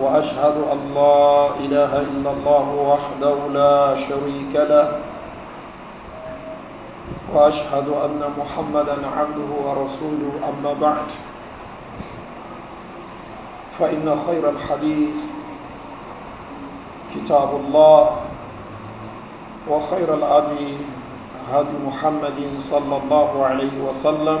وأشهد أن لا إله إلا الله وحده لا شريك له وأشهد أن محمدا عبده ورسوله أما بعد فإن خير الحديث كتاب الله وخير الأبي هدي محمد صلى الله عليه وسلم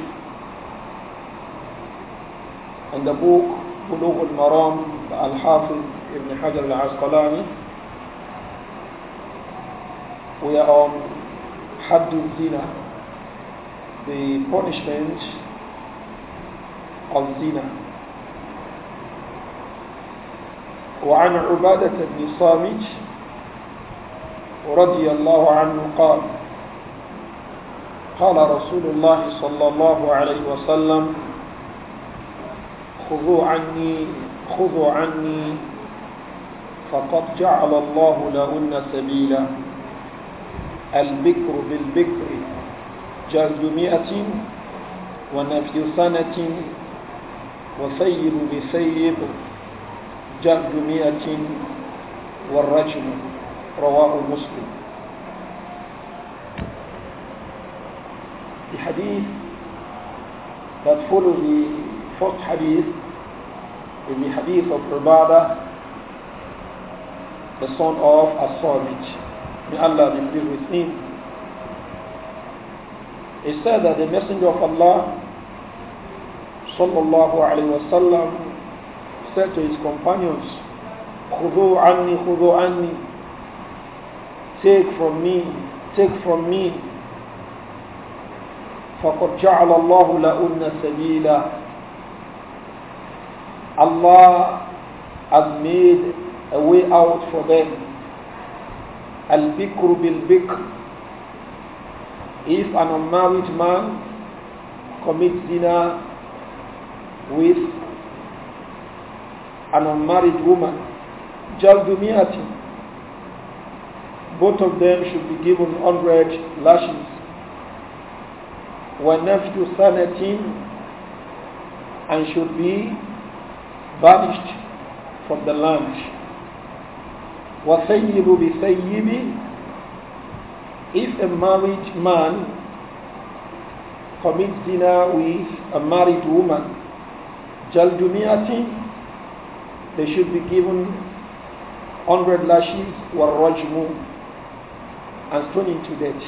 عند بوك بلوغ المرام الحافظ ابن حجر العسقلاني ويا اون حد الزنا the punishment of zina وعن عبادة بن صامت رضي الله عنه قال قال رسول الله صلى الله عليه وسلم خذوا عني خذوا عني فقد جعل الله لهن سبيلا البكر بالبكر جلد مئة ونفي سنة وسيب بسيب جلد مئة والرجم رواه مسلم The hadith that follows first hadith is the hadith of Rubada, the son of Asabit. May Allah be pleased with him. He said that the Messenger of Allah sallallahu alayhi wasallam said to his companions, خُذُوا عَنِّي خُذُوا عَنِّي Take from me, take from me. فَقَدْ جَعَلَ اللَّهُ لَأُنَّ سَبِيلًا Allah has made a way out for them. Al-Bikru bil-Bikr. If an unmarried man commits zina with an unmarried woman, Jaldumiyatin, both of them should be given 100 lashes. وَنَفْجُ سَنَةٍ and should be vanished from the land. وَسَيِّبُ بِسَيِّبِ If a married man commits zina with a married woman, جَلْدُمِيَةٍ They should be given 100 lashes وَالرَّجْمُ and stoned to death.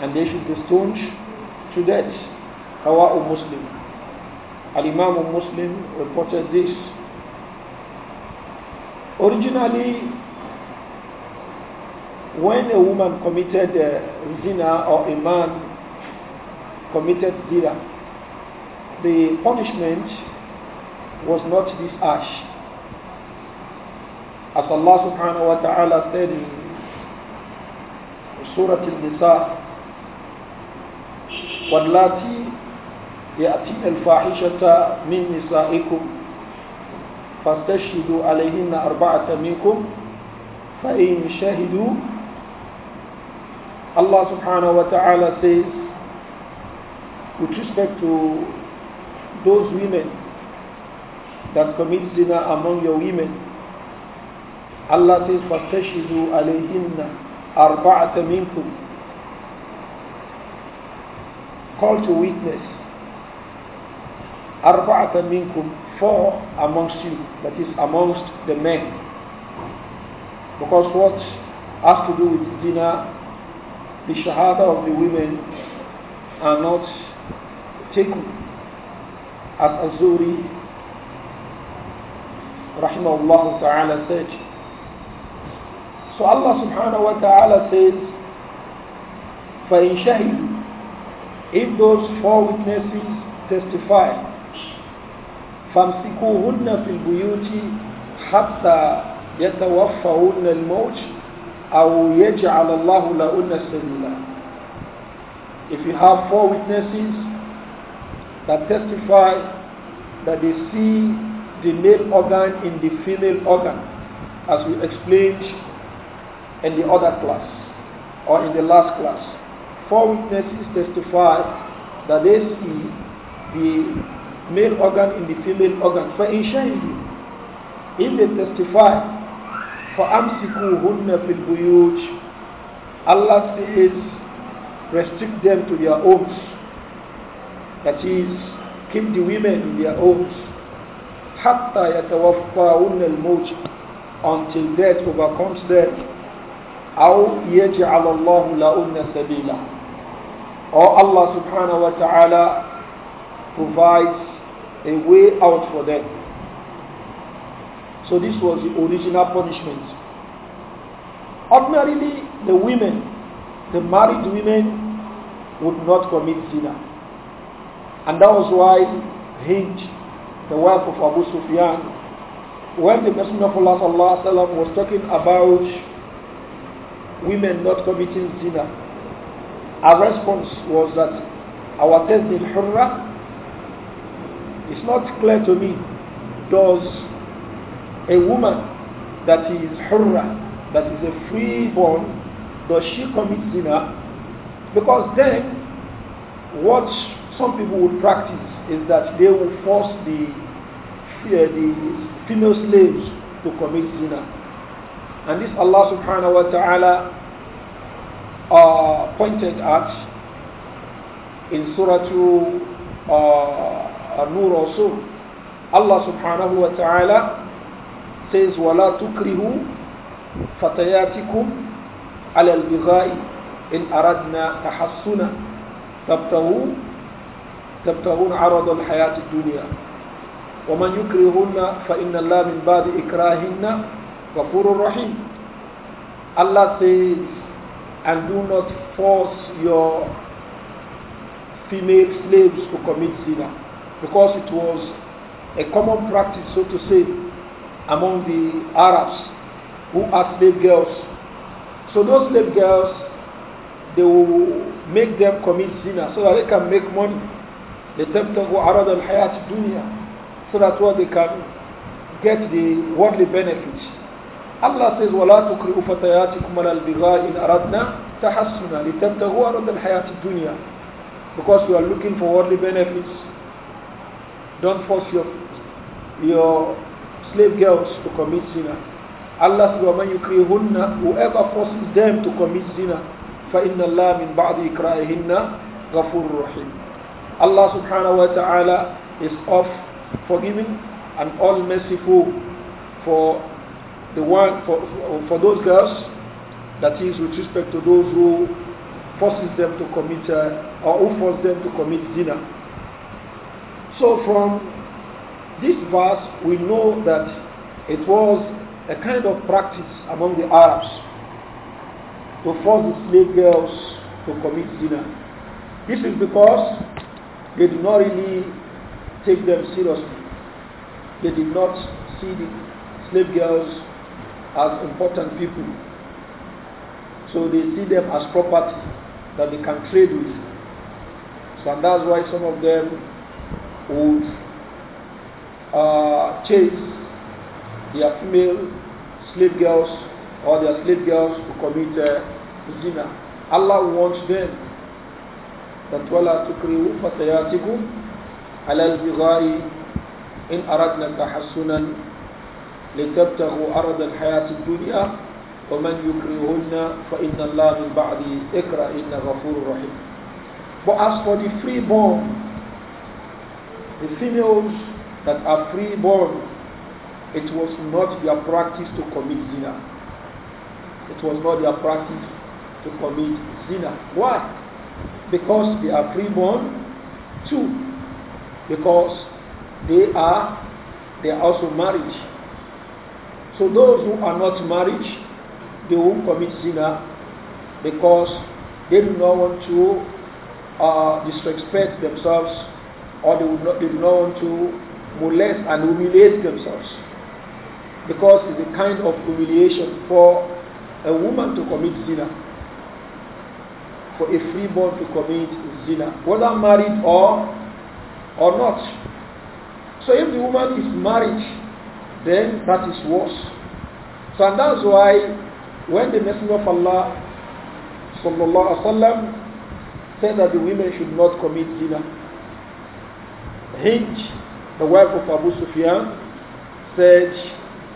And they should be stoned to death. Rawahu Muslim. Al-Imam Muslim reported this. Originally, when a woman committed uh, zina or a man committed zina, the punishment was not this ash. As Allah subhanahu wa ta'ala said in Surah Al-Nisa, وَاللَّاتِي يأتين الفاحشة من نسائكم فاستشهدوا عليهن أربعة منكم فإن شهدوا Allah subhanahu wa says with respect to those women that commit zina among your women Allah says فَاسْتَشْهِدُوا عَلَيْهِنَّ أَرْبَعَةَ مِنْكُمْ Call to witness arba'ata minkum, four amongst you, that is amongst the men. Because what has to do with zina, the shahada of the women are not taken as Azuri rahimahullah ta'ala said. So Allah subhanahu wa ta'ala says, فَإِنْ شَهِدُوا If those four witnesses testify, if you have four witnesses that testify that they see the male organ in the female organ, as we explained in the other class or in the last class, four witnesses testify that they see the male organ in the female organ. فَإِنْ شَهِدُوا If they testify, فَأَمْسِكُوهُنَّ فِي الْبُيُوتِ Allah says, restrict them to their homes. That is, keep the women in their homes. حَتَّى يَتَوَفَّاهُنَّ الْمَوْتِ Until death overcomes them. أَوْ يَجْعَلَ اللَّهُ لَهُنَّ سَبِيلًا Or Allah subhanahu wa ta'ala provides a way out for them. So this was the original punishment. Ordinarily, the women, the married women, would not commit zina, And that was why Hind, the wife of Abu Sufyan, when the Messenger of Allah sallallahu sallam, was talking about women not committing zina, our response was that our test in Hurrah it's not clear to me. Does a woman that is hurra, that is a freeborn, does she commit zina? Because then, what some people would practice is that they will force the, uh, the female slaves to commit zina. And this Allah subhanahu wa ta'ala uh, pointed at in Surah uh, النور والصوم الله سبحانه وتعالى says ولا تكره فتياتكم على البغاء إن أردنا تحصنا تبتغون تبتغون عرض الحياة الدنيا ومن يكرهن فإن الله من بعد إكراهن غفور رحيم الله says and do not force your female slaves to commit sinner because it was a common practice, so to say, among the Arabs who are slave girls. So those slave girls, they will make them commit sinna, so that they can make money. They تبتغوا عرض hayat dunya, so that what they can get the worldly benefits. Allah says ولا تكرهوا فتياتكم على البغاء إن أردنا تحسنا لتبتغوا عرض الحياة الدنيا because we are looking for worldly benefits don't force your, your slave girls to commit zina. Allah subhanahu taala, whoever forces them to commit zina, فَإِنَّ اللَّهَ مِنْ بعض إِكْرَاهِهِنَّ غَفُورٌ رَحِيمٌ Allah subhanahu wa ta'ala is of forgiving and all merciful for the one for, for those girls that is with respect to those who forces them to commit uh, or who force them to commit zina so from this verse, we know that it was a kind of practice among the Arabs to force the slave girls to commit zina. This is because they did not really take them seriously. They did not see the slave girls as important people. So they see them as property that they can trade with. So and that's why some of them would uh, chase their female slave girls or their slave girls to commit uh, zina. Allah wants them that wala tukrihu fatayatikum ala al-bighai in aradna tahassunan litabtaghu arad al of ad-dunya wa man yukrihunna fa inna Allah min ba'di ikra inna ghafurur rahim. But as for the freeborn the females that are freeborn, it was not their practice to commit zina. It was not their practice to commit zina. Why? Because they are freeborn. Two, because they are they are also married. So those who are not married, they won't commit zina because they do not want to uh, disrespect themselves or they would not, they do not want to molest and humiliate themselves. Because it's a kind of humiliation for a woman to commit zina, for a freeborn to commit zina, whether married or or not. So if the woman is married, then that is worse. So and that's why when the Messenger of Allah sallallahu alaihi wasallam said that the women should not commit zina, Hind, the wife of Abu Sufyan, said,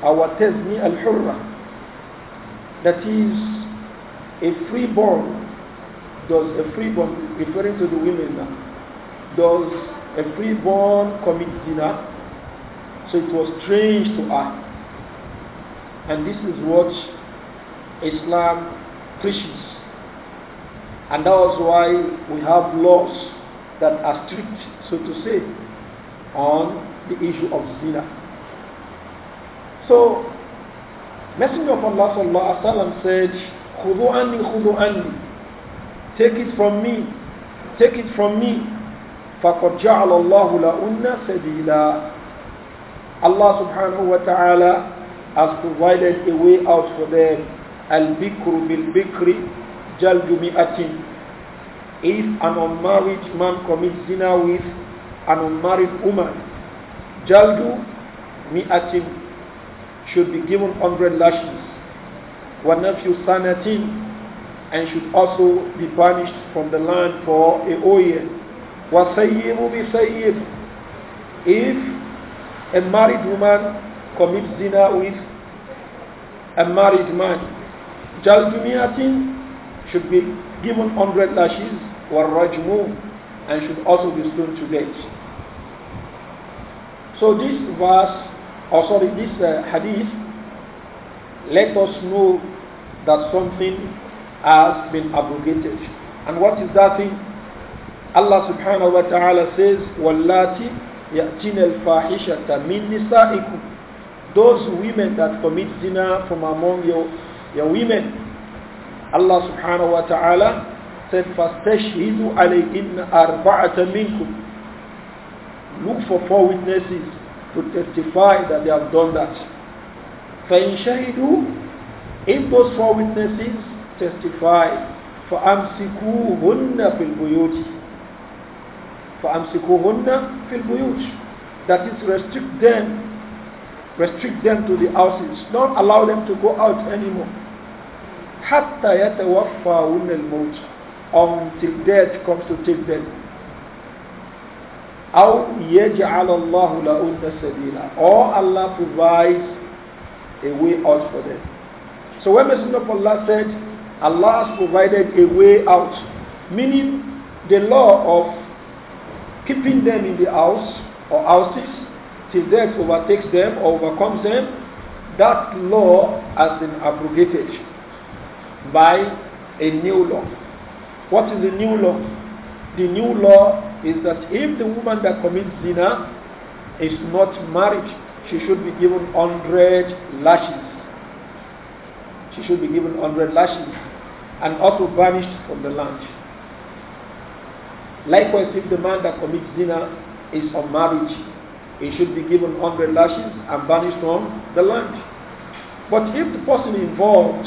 "Our Awatazni al-Hurra. That is, a freeborn, does a freeborn, referring to the women now, does a freeborn commit zina? So it was strange to her. And this is what Islam preaches. And that was why we have laws that are strict, so to say, on the issue of zina. So, Messenger of Allah sallallahu alaihi wasallam said, "Khudu anni, Take it from me, take it from me. فَقَدْ جَعَلَ اللَّهُ لَأُنَّ سَبِيلًا Allah subhanahu wa ta'ala has provided a way out for them. Al-bikru bil-bikri jaldu mi'atin. If an unmarried man commits zina with an unmarried woman, Jaldu Mi'atin should be given 100 lashes. One nephew, Sanatin and should also be banished from the land for a year. Wasayyibu bisayyib. If a married woman commits zina with a married man, jaldu Jaldumiatin should be given 100 lashes. Warrajmu and should also be stood to death. So this verse, or sorry, this uh, hadith, let us know that something has been abrogated. And what is that thing? Allah subhanahu wa ta'ala says, Wallati ya'tin al مِن min Those women that commit zina from among your, your women, Allah subhanahu wa ta'ala said, فَاسْتَشْهِدُوا عَلَيْهِنَّ أَرْبَعَةً مِنْكُمْ Look for four witnesses to testify that they have done that. فَإِنْ شَهِدُوا If those four witnesses testify, فَأَمْسِكُوهُنَّ فِي الْبُيُوتِ فَأَمْسِكُوهُنَّ فِي الْبُيُوتِ That is, restrict them restrict them to the houses, don't allow them to go out anymore. حتى يتوفاهن الموت until death comes to take them. أو يجعل الله لهن سبيلا or Allah provides a way out for them. So when Messenger of Allah said Allah has provided a way out, meaning the law of keeping them in the house or houses till death overtakes them or overcomes them, that law has been abrogated by a new law. What is the new law? The new law is that if the woman that commits zina is not married, she should be given 100 lashes. She should be given 100 lashes and also banished from the land. Likewise, if the man that commits zina is unmarried, he should be given 100 lashes and banished from the land. But if the person involved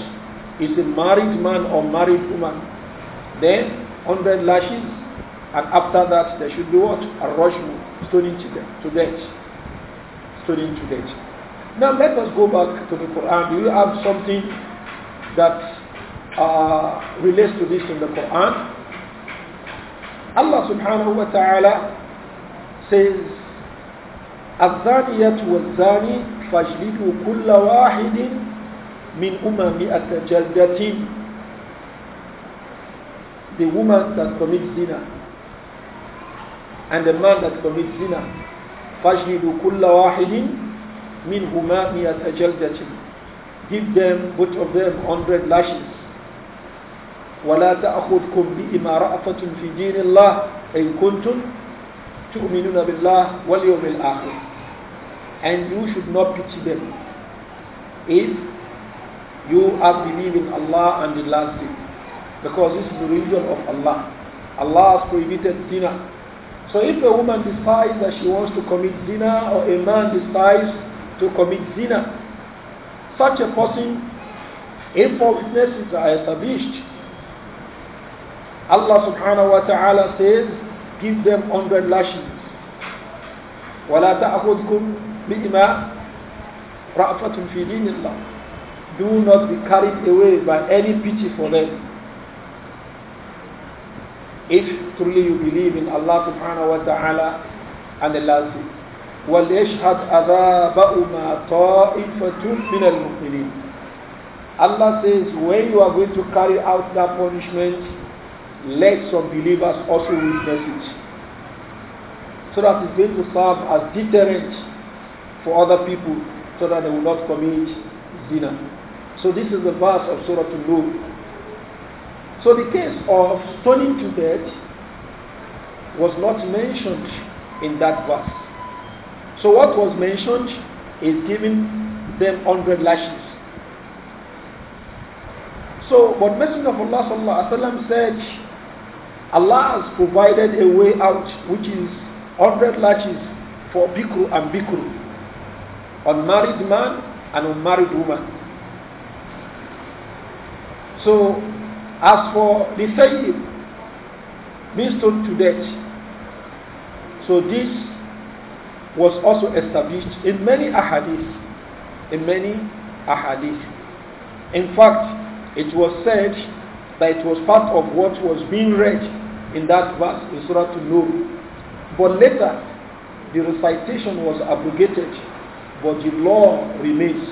is a married man or married woman, then 100 lashes, and after that there should be what? A rush stoning to death. To death. Stoning to death. Now let us go back to the Quran. Do you have something that uh, relates to this in the Quran? Allah subhanahu wa ta'ala says, الزانية والزاني فاجلدوا كل واحد من أمم مئة جلدة the woman that commits zina and the man that commits zina فَاجْلِدُوا كُلَّ وَاحِدٍ مِنْهُمَا مِيَةَ جَلْدَةٍ Give them, both of them, hundred lashes. وَلَا تَأْخُذْكُمْ بِإِمَارَأَةٌ فِي دِينِ اللَّهِ إِن كُنْتُمْ تُؤْمِنُونَ بِاللَّهِ وَالْيَوْمِ الْآخِرِ And you should not pity them if you are believing Allah and the last day. Because this is the religion of Allah. Allah has prohibited zina. So if a woman decides that she wants to commit zina or a man decides to commit zina, such a person, if four witnesses are established, Allah subhanahu wa ta'ala says, give them 100 lashes. وَلَا تَأْخُذْكُمْ بِإِمَا رَأْفَةٌ فِي دِينِ اللَّهِ Do not be carried away by any pity for them. If truly you believe in Allah subhanahu wa ta'ala and the last day. وَلْيَشْهَدْ أَذَابَهُمَا طَائِفَةٌ مِنَ الْمُؤْمِنِينَ Allah says, when you are going to carry out that punishment, let some believers also witness it. So that it's going to serve as deterrent for other people so that they will not commit zina. So this is the verse of Surah An-Nur so the case of stoning to death was not mentioned in that verse. So what was mentioned is giving them 100 lashes. So what Messenger of Allah sallallahu said, Allah has provided a way out which is 100 lashes for bikru and bikru, unmarried man and unmarried woman. So as for the saying being stoned to death, so this was also established in many ahadith, in many ahadith. In fact, it was said that it was part of what was being read in that verse in Surah An-Nur. But later, the recitation was abrogated, but the law remains.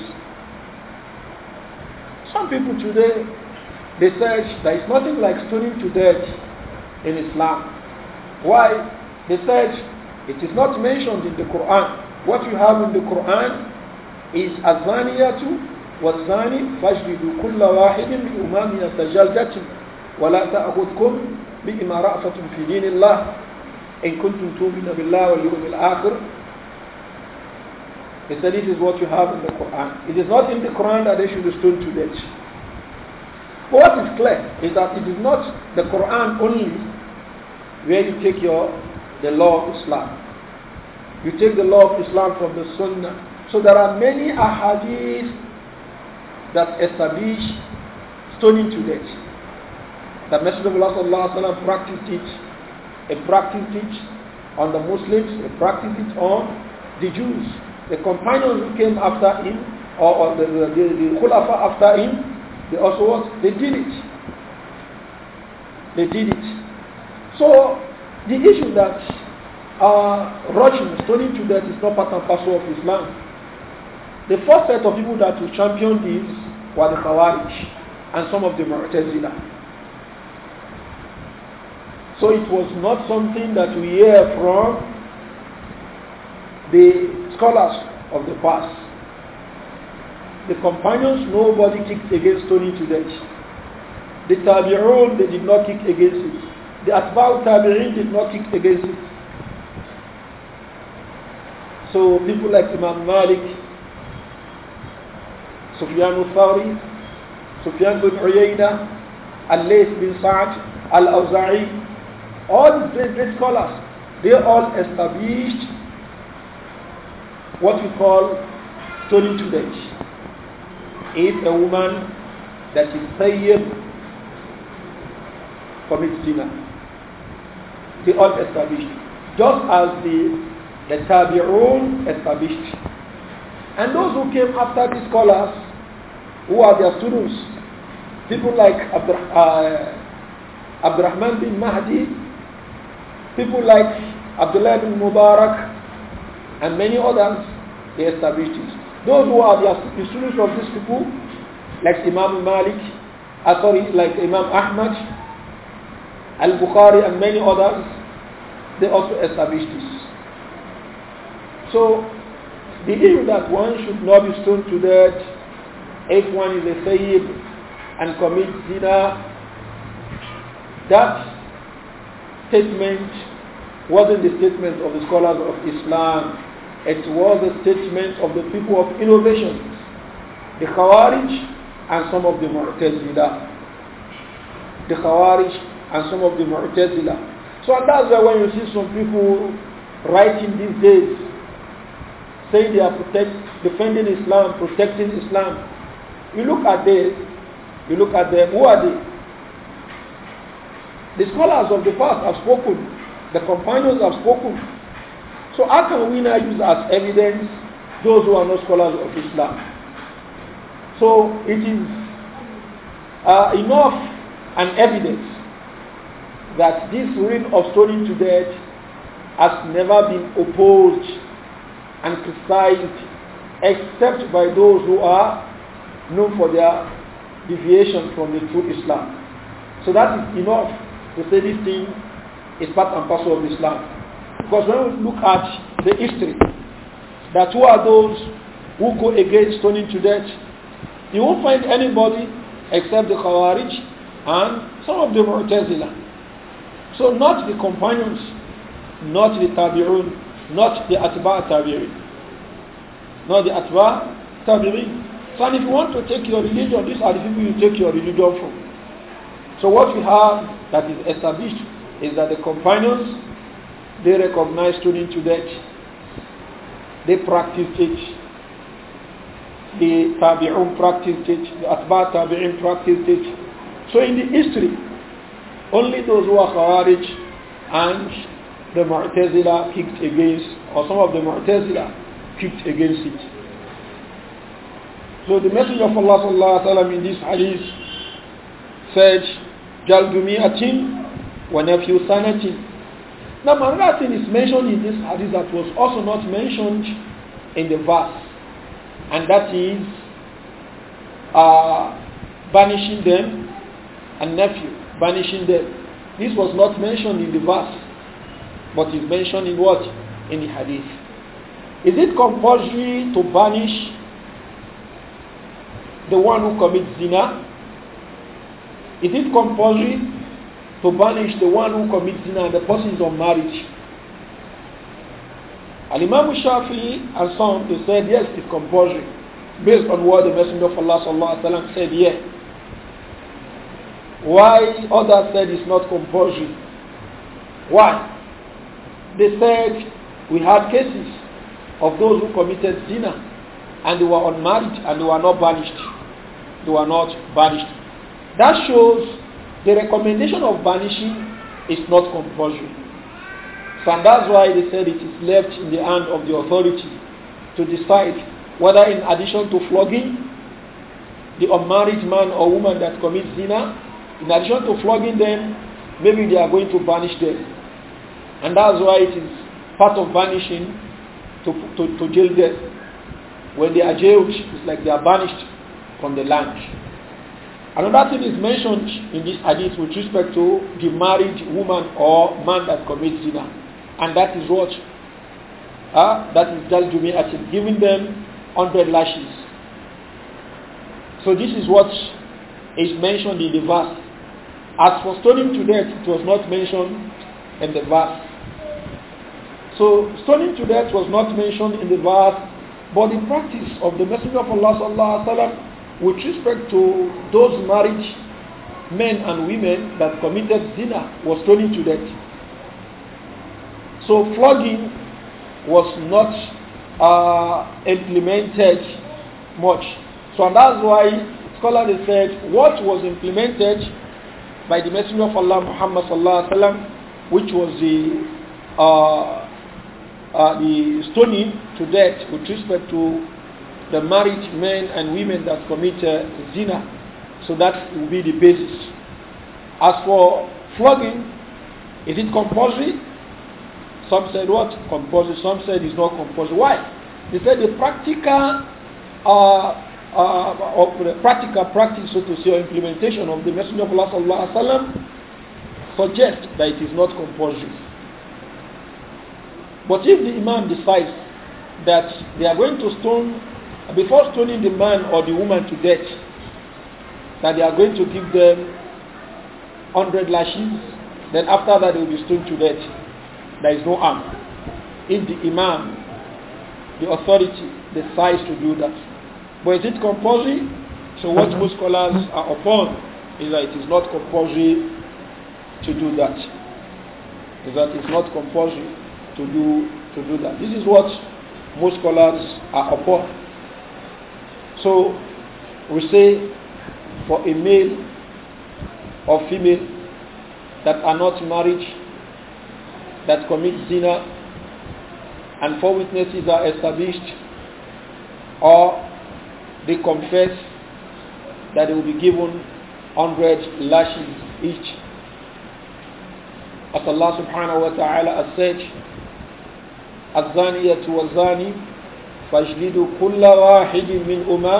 Some people today they said there is nothing like stoning to death in Islam. Why? They said it is not mentioned in the Quran. What you have in the Quran is azaniyatu والزاني فاجلدوا كل واحد منهما مئة جلدة ولا تأخذكم بما رأفة في دين الله إن كنتم تؤمنون بالله واليوم الآخر He said, this is what you have in the Quran. It is not in the Quran that they should stone to death. But what is clear is that it is not the Quran only where you take your the law of Islam. You take the law of Islam from the Sunnah. So there are many ahadith that establish stoning to death. The Messenger of Allah practiced it, He practiced it on the Muslims, He practiced it on the Jews. The companions who came after him, or, or the, the, the, the Khulafa after him, they also what? They did it. They did it. So the issue that uh, rushing, stoning to death is not part and parcel of Islam. The first set of people that will champion this were the Khawarij and some of the Mu'tazila. So it was not something that we hear from the scholars of the past. The companions, nobody kicked against stoning to death. The Tabi'un, they did not kick against it. The Atba'u Tabi'in did not kick against it. So people like Imam Malik, Sufyan al-Thawri, Sufyan bin Uyayna, Al-Layth bin Sa'd, Al-Awza'i, all these great, great scholars, they all established what we call stoning to death. If a woman that is saved commits zina, they all established. Just as the, the tabi'un established. And those who came after the scholars, who are their students, people like Abdur, uh, Abdurrahman bin Mahdi, people like Abdullah bin Mubarak, and many others, they established it. Those who are the students of these people, like Imam Malik, uh, sorry, like Imam Ahmad, Al-Bukhari and many others, they also established this. So, the that one should not be stoned to death if one is a sayyid and commits zina, that statement wasn't the statement of the scholars of Islam it was a statement of the people of innovation, the Khawarij and some of the Mu'tazila. The Khawarij and some of the Mu'tazila. So that's why when you see some people writing these days, saying they are protect, defending Islam, protecting Islam, you look at this, you look at them, who are they? The scholars of the past have spoken. The companions have spoken. So how can we now use as evidence those who are not scholars of Islam? So it is uh, enough an evidence that this rule of stoning to death has never been opposed and criticized except by those who are known for their deviation from the true Islam. So that is enough to say this thing is part and parcel of Islam. Because when we look at the history, that who are those who go against stoning to death, you won't find anybody except the Khawarij and some of the Mu'tazila. So not the companions, not the Tabi'un, not the Atba Tabi'in, not the Atba Tabi'in. So if you want to take your religion, these are the people you take your religion from. So what we have that is established is that the companions they recognize stoning to that. They practiced it. The Tabi'un practiced it. The Atba Tabi'un practiced it. So in the history, only those who are Khawarij and the Mu'tazila kicked against, or some of the Mu'tazila kicked against it. So the message of Allah sallallahu alaihi wasallam in this hadith said, "Jaldu mi'atin wa nafyu sanatin." Now, another thing is mentioned in this hadith that was also not mentioned in the verse, and that is uh, banishing them and nephew, banishing them. This was not mentioned in the verse, but is mentioned in what? In the hadith. Is it compulsory to banish the one who commits zina? Is it compulsory to banish the one who commits sin and the person is marriage. And Imam Shafi'i and some they said yes, it's compulsory, based on what the Messenger of Allah sallallahu alaihi wasallam said here. Yeah. Why others said it's not compulsory? Why? They said we had cases of those who committed sin and they were unmarried and they were not banished. They were not banished. That shows the recommendation of banishing is not compulsory. So and that's why they said it is left in the hand of the authority to decide whether in addition to flogging the unmarried man or woman that commits zina, in addition to flogging them, maybe they are going to banish them. And that's why it is part of banishing to, to, to jail them. When they are jailed, it's like they are banished from the land. Another thing is mentioned in this hadith with respect to the married woman or man that commits zina. And that is what? Uh, that is just jumi'atin, giving them 100 lashes. So this is what is mentioned in the verse. As for stoning to death, it was not mentioned in the verse. So stoning to death was not mentioned in the verse, but the practice of the Messenger of Allah sallallahu alaihi wasallam with respect to those married men and women that committed zina was stoning to death. So flogging was not uh, implemented much. So and that's why scholars said what was implemented by the Messenger of Allah Muhammad sallallahu alaihi wasallam, which was the uh, uh, the stoning to death with respect to the married men and women that commit uh, zina. So that will be the basis. As for flogging, is it compulsory? Some said what? Compulsory. Some said it's not compulsory. Why? They said the practical, uh, uh, the practical practice, so to say, or implementation of the Messenger of Allah suggests that it is not compulsory. But if the Imam decides that they are going to stone before stoning the man or the woman to death, that they are going to give them 100 lashes, then after that they will be stoned to death. There is no harm. If the imam, the authority, decides to do that. But is it compulsory? So what uh-huh. most scholars are upon is that it is not compulsory to do that. Is that it's not compulsory to do to do that. This is what most scholars are upon. So we say for a male or female that are not married, that commit zina, and four witnesses are established, or they confess that they will be given 100 lashes each. As Allah subhanahu wa ta'ala has said, الزانية والزاني فاجلدوا كل واحد منهما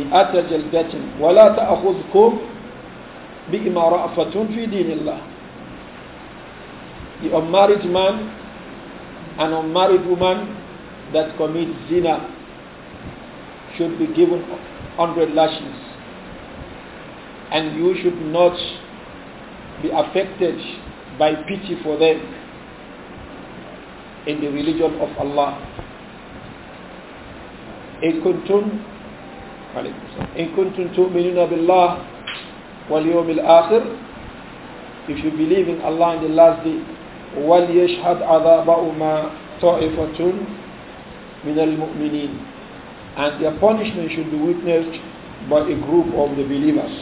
مئة جلدة ولا تأخذكم بإما رأفة في دين الله The unmarried man An unmarried woman that commits zina should be given 100 lashes and you should not be affected by pity for them in the religion of Allah إن كنتم إن كنتم تؤمنون بالله واليوم الآخر if you believe in Allah and the last day وليشهد عذابهما طائفة من المؤمنين and their punishment should be witnessed by a group of the believers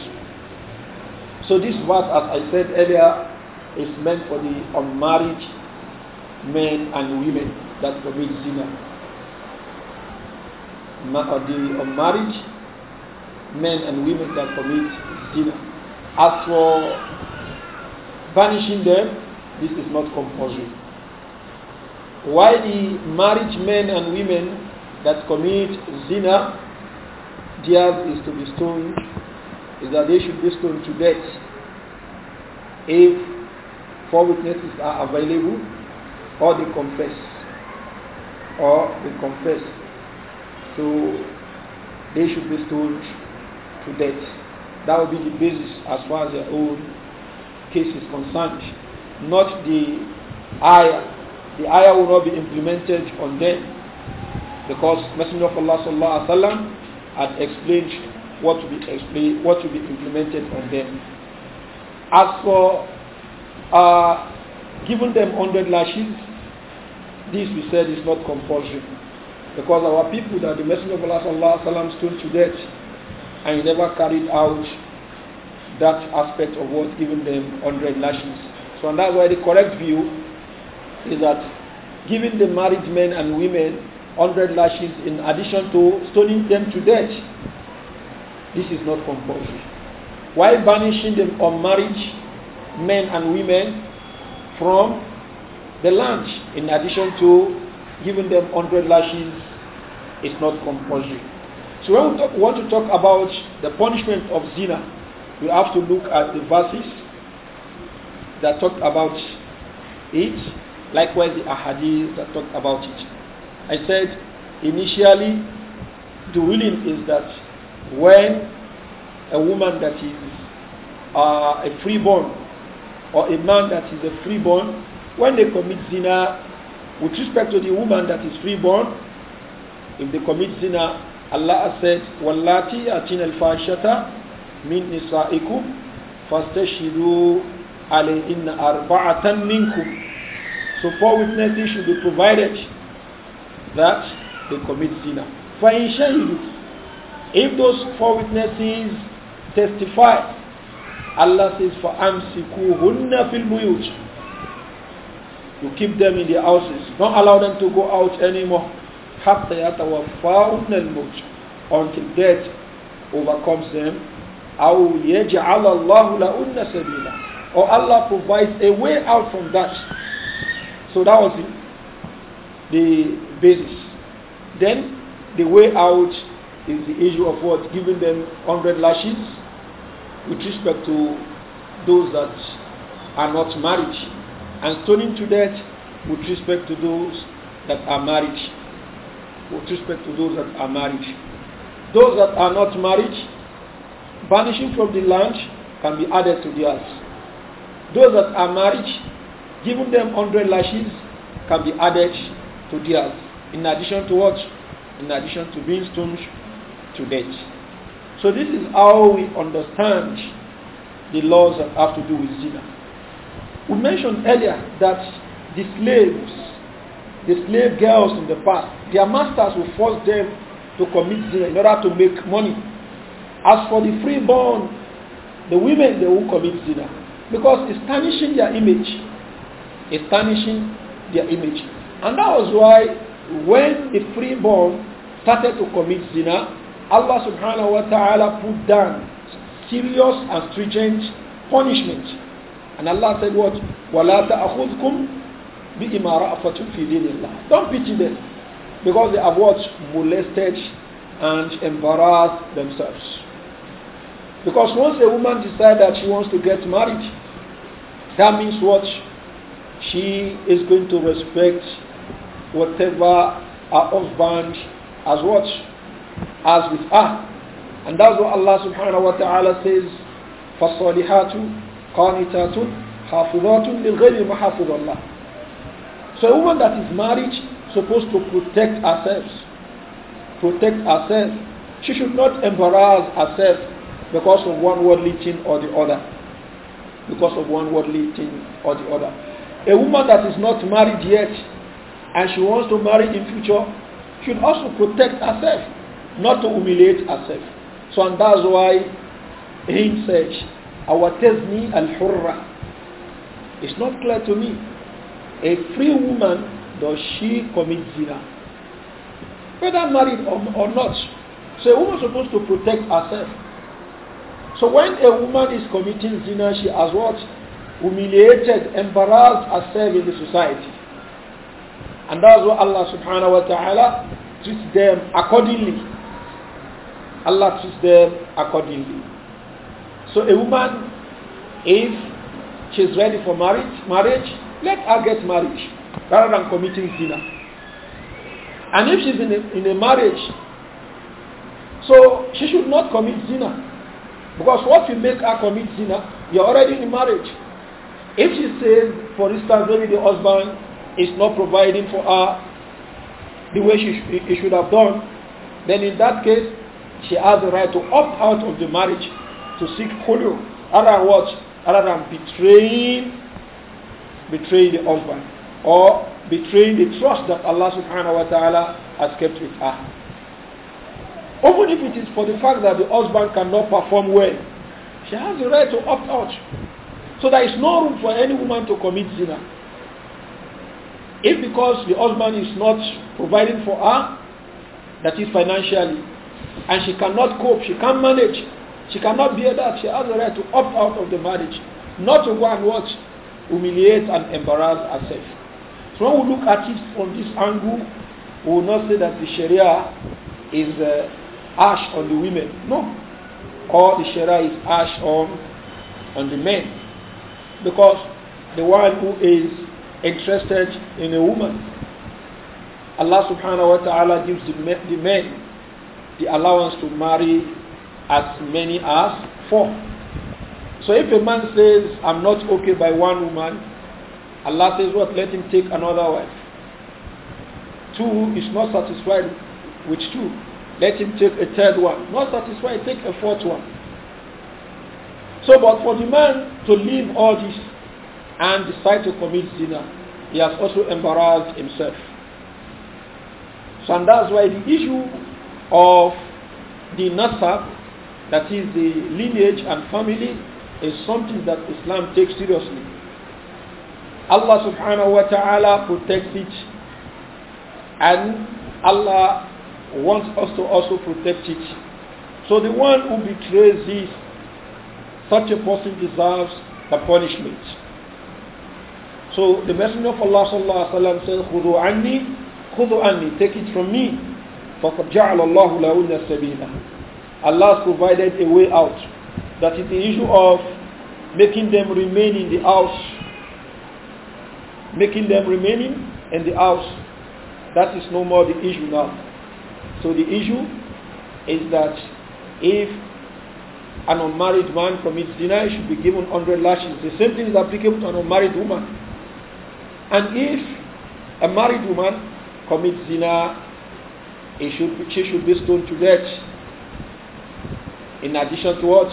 so this verse as I said earlier is meant for the unmarried men and women that commit zina of uh, uh, marriage, men and women that commit zina. As for banishing them, this is not compulsory. Why the marriage men and women that commit zina, theirs is to be stoned, is that they should be stoned to death if four witnesses are available or they confess or they confess so they should be stoned to death. That would be the basis as far as their own case is concerned. Not the ayah. The ayah will not be implemented on them because Messenger of Allah sallallahu alaihi wasallam had explained what to be explained, what to be implemented on them. As for uh, giving them 100 lashes, this we said is not compulsory. Because our people that the Messenger of Allah sallallahu alaihi wasallam) stoned to death and he never carried out that aspect of what giving them 100 lashes. So and that's why the correct view is that giving the married men and women 100 lashes in addition to stoning them to death, this is not compulsory. Why banishing the unmarried men and women from the land in addition to giving them 100 lashes is not compulsory. So when we talk, want to talk about the punishment of zina, we have to look at the verses that talk about it, likewise the ahadith that talk about it. I said initially the ruling is that when a woman that is uh, a freeborn or a man that is a freeborn, when they commit zina, with respect to the woman that is freeborn, if they commit zina, Allah said, Wallati atin al fashata min nisa'ikum fastashidu alayhinna arba'atan minkum. So four witnesses should be provided that they commit zina. فَإِنْ شَهِدُوا If those four witnesses testify, Allah says, فَأَمْسِكُوهُنَّ فِي الْبُيُوتِ you keep them in the houses. Don't allow them to go out anymore. حَتَّى يَتَوَفَّاهُنَّ الْمُوتِ Until death overcomes them. Or Allah provides a way out from that. So that was the, the basis. Then the way out is the issue of what? Giving them 100 lashes with respect to those that are not married and stoning to death with respect to those that are married. With respect to those that are married. Those that are not married, banishing from the land can be added to theirs. Those that are married, giving them 100 lashes can be added to theirs. In addition to what? In addition to being stoned to death. So this is how we understand the laws that have to do with zina. We mentioned earlier that the slaves, the slave girls in the past, their masters will force them to commit sin in order to make money. As for the freeborn, the women, they will commit sin because it's tarnishing their image. It's tarnishing their image. And that was why when the freeborn started to commit zina, Allah subhanahu wa ta'ala put down serious and stringent punishment and Allah said what? وَلَا تَأْخُذْكُمْ بِإِمَا رَأْفَةٌ فِي دِينِ اللَّهِ Don't pity them. Because they have what? Molested and embarrassed themselves. Because once a woman decides that she wants to get married, that means what? She is going to respect whatever her husband has what? As with her. And that's what Allah subhanahu wa ta'ala says, فَالصَّالِحَاتُ قانتات حافظات للغير ما حفظ الله so a woman that is married supposed to protect herself protect herself she should not embarrass herself because of one worldly thing or the other because of one worldly thing or the other a woman that is not married yet and she wants to marry in future should also protect herself not to humiliate herself so and that's why himself our al-hurra. It's not clear to me. A free woman, does she commit zina? Whether married or, or not. So a woman is supposed to protect herself. So when a woman is committing zina, she has what? Humiliated, embarrassed herself in the society. And that's why Allah subhanahu wa ta'ala treats them accordingly. Allah treats them accordingly. So a woman, if she's ready for marriage, marriage, let her get married rather than committing zina. And if she's in a, in a marriage, so she should not commit zina. Because what will make her commit zina, you're already in marriage. If she says, for instance, maybe the husband is not providing for her the way she, sh should have done, then in that case, she has the right to opt out of the marriage to seek khulu other what other than betraying betraying the husband or betraying the trust that Allah subhanahu wa ta'ala has kept with her. Even if it is for the fact that the husband cannot perform well, she has the right to opt out. So there is no room for any woman to commit zina. If because the husband is not providing for her, that is financially, and she cannot cope, she can't manage, she cannot bear that. She has the right to opt out of the marriage, not to go and watch, humiliate and embarrass herself. So when we look at it from this angle, we will not say that the Sharia is uh, ash on the women. No. Or the Sharia is ash on, on the men. Because the one who is interested in a woman, Allah subhanahu wa ta'ala gives the, the men the allowance to marry as many as four. So if a man says, I'm not okay by one woman, Allah says what? Let him take another wife. Two is not satisfied with two. Let him take a third one. Not satisfied, take a fourth one. So but for the man to leave all this and decide to commit zina, he has also embarrassed himself. So and that's why the issue of the nasab that is the lineage and family is something that Islam takes seriously. Allah subhanahu wa ta'ala protects it and Allah wants us to also protect it. So the one who betrays this, such a person deserves the punishment. So the Messenger of Allah sallallahu alaihi wasallam said, "Khudu anni, khudu anni, take it from me, فَقَدْ جَعَلَ اللَّهُ لَهُنَّ سَبِيلًا Allah has provided a way out. That is the issue of making them remain in the house. Making them remaining in the house. That is no more the issue now. So the issue is that if an unmarried man commits zina, he should be given 100 lashes. The same thing is applicable to an unmarried woman. And if a married woman commits zina, should, she should be stoned to death. In addition to what?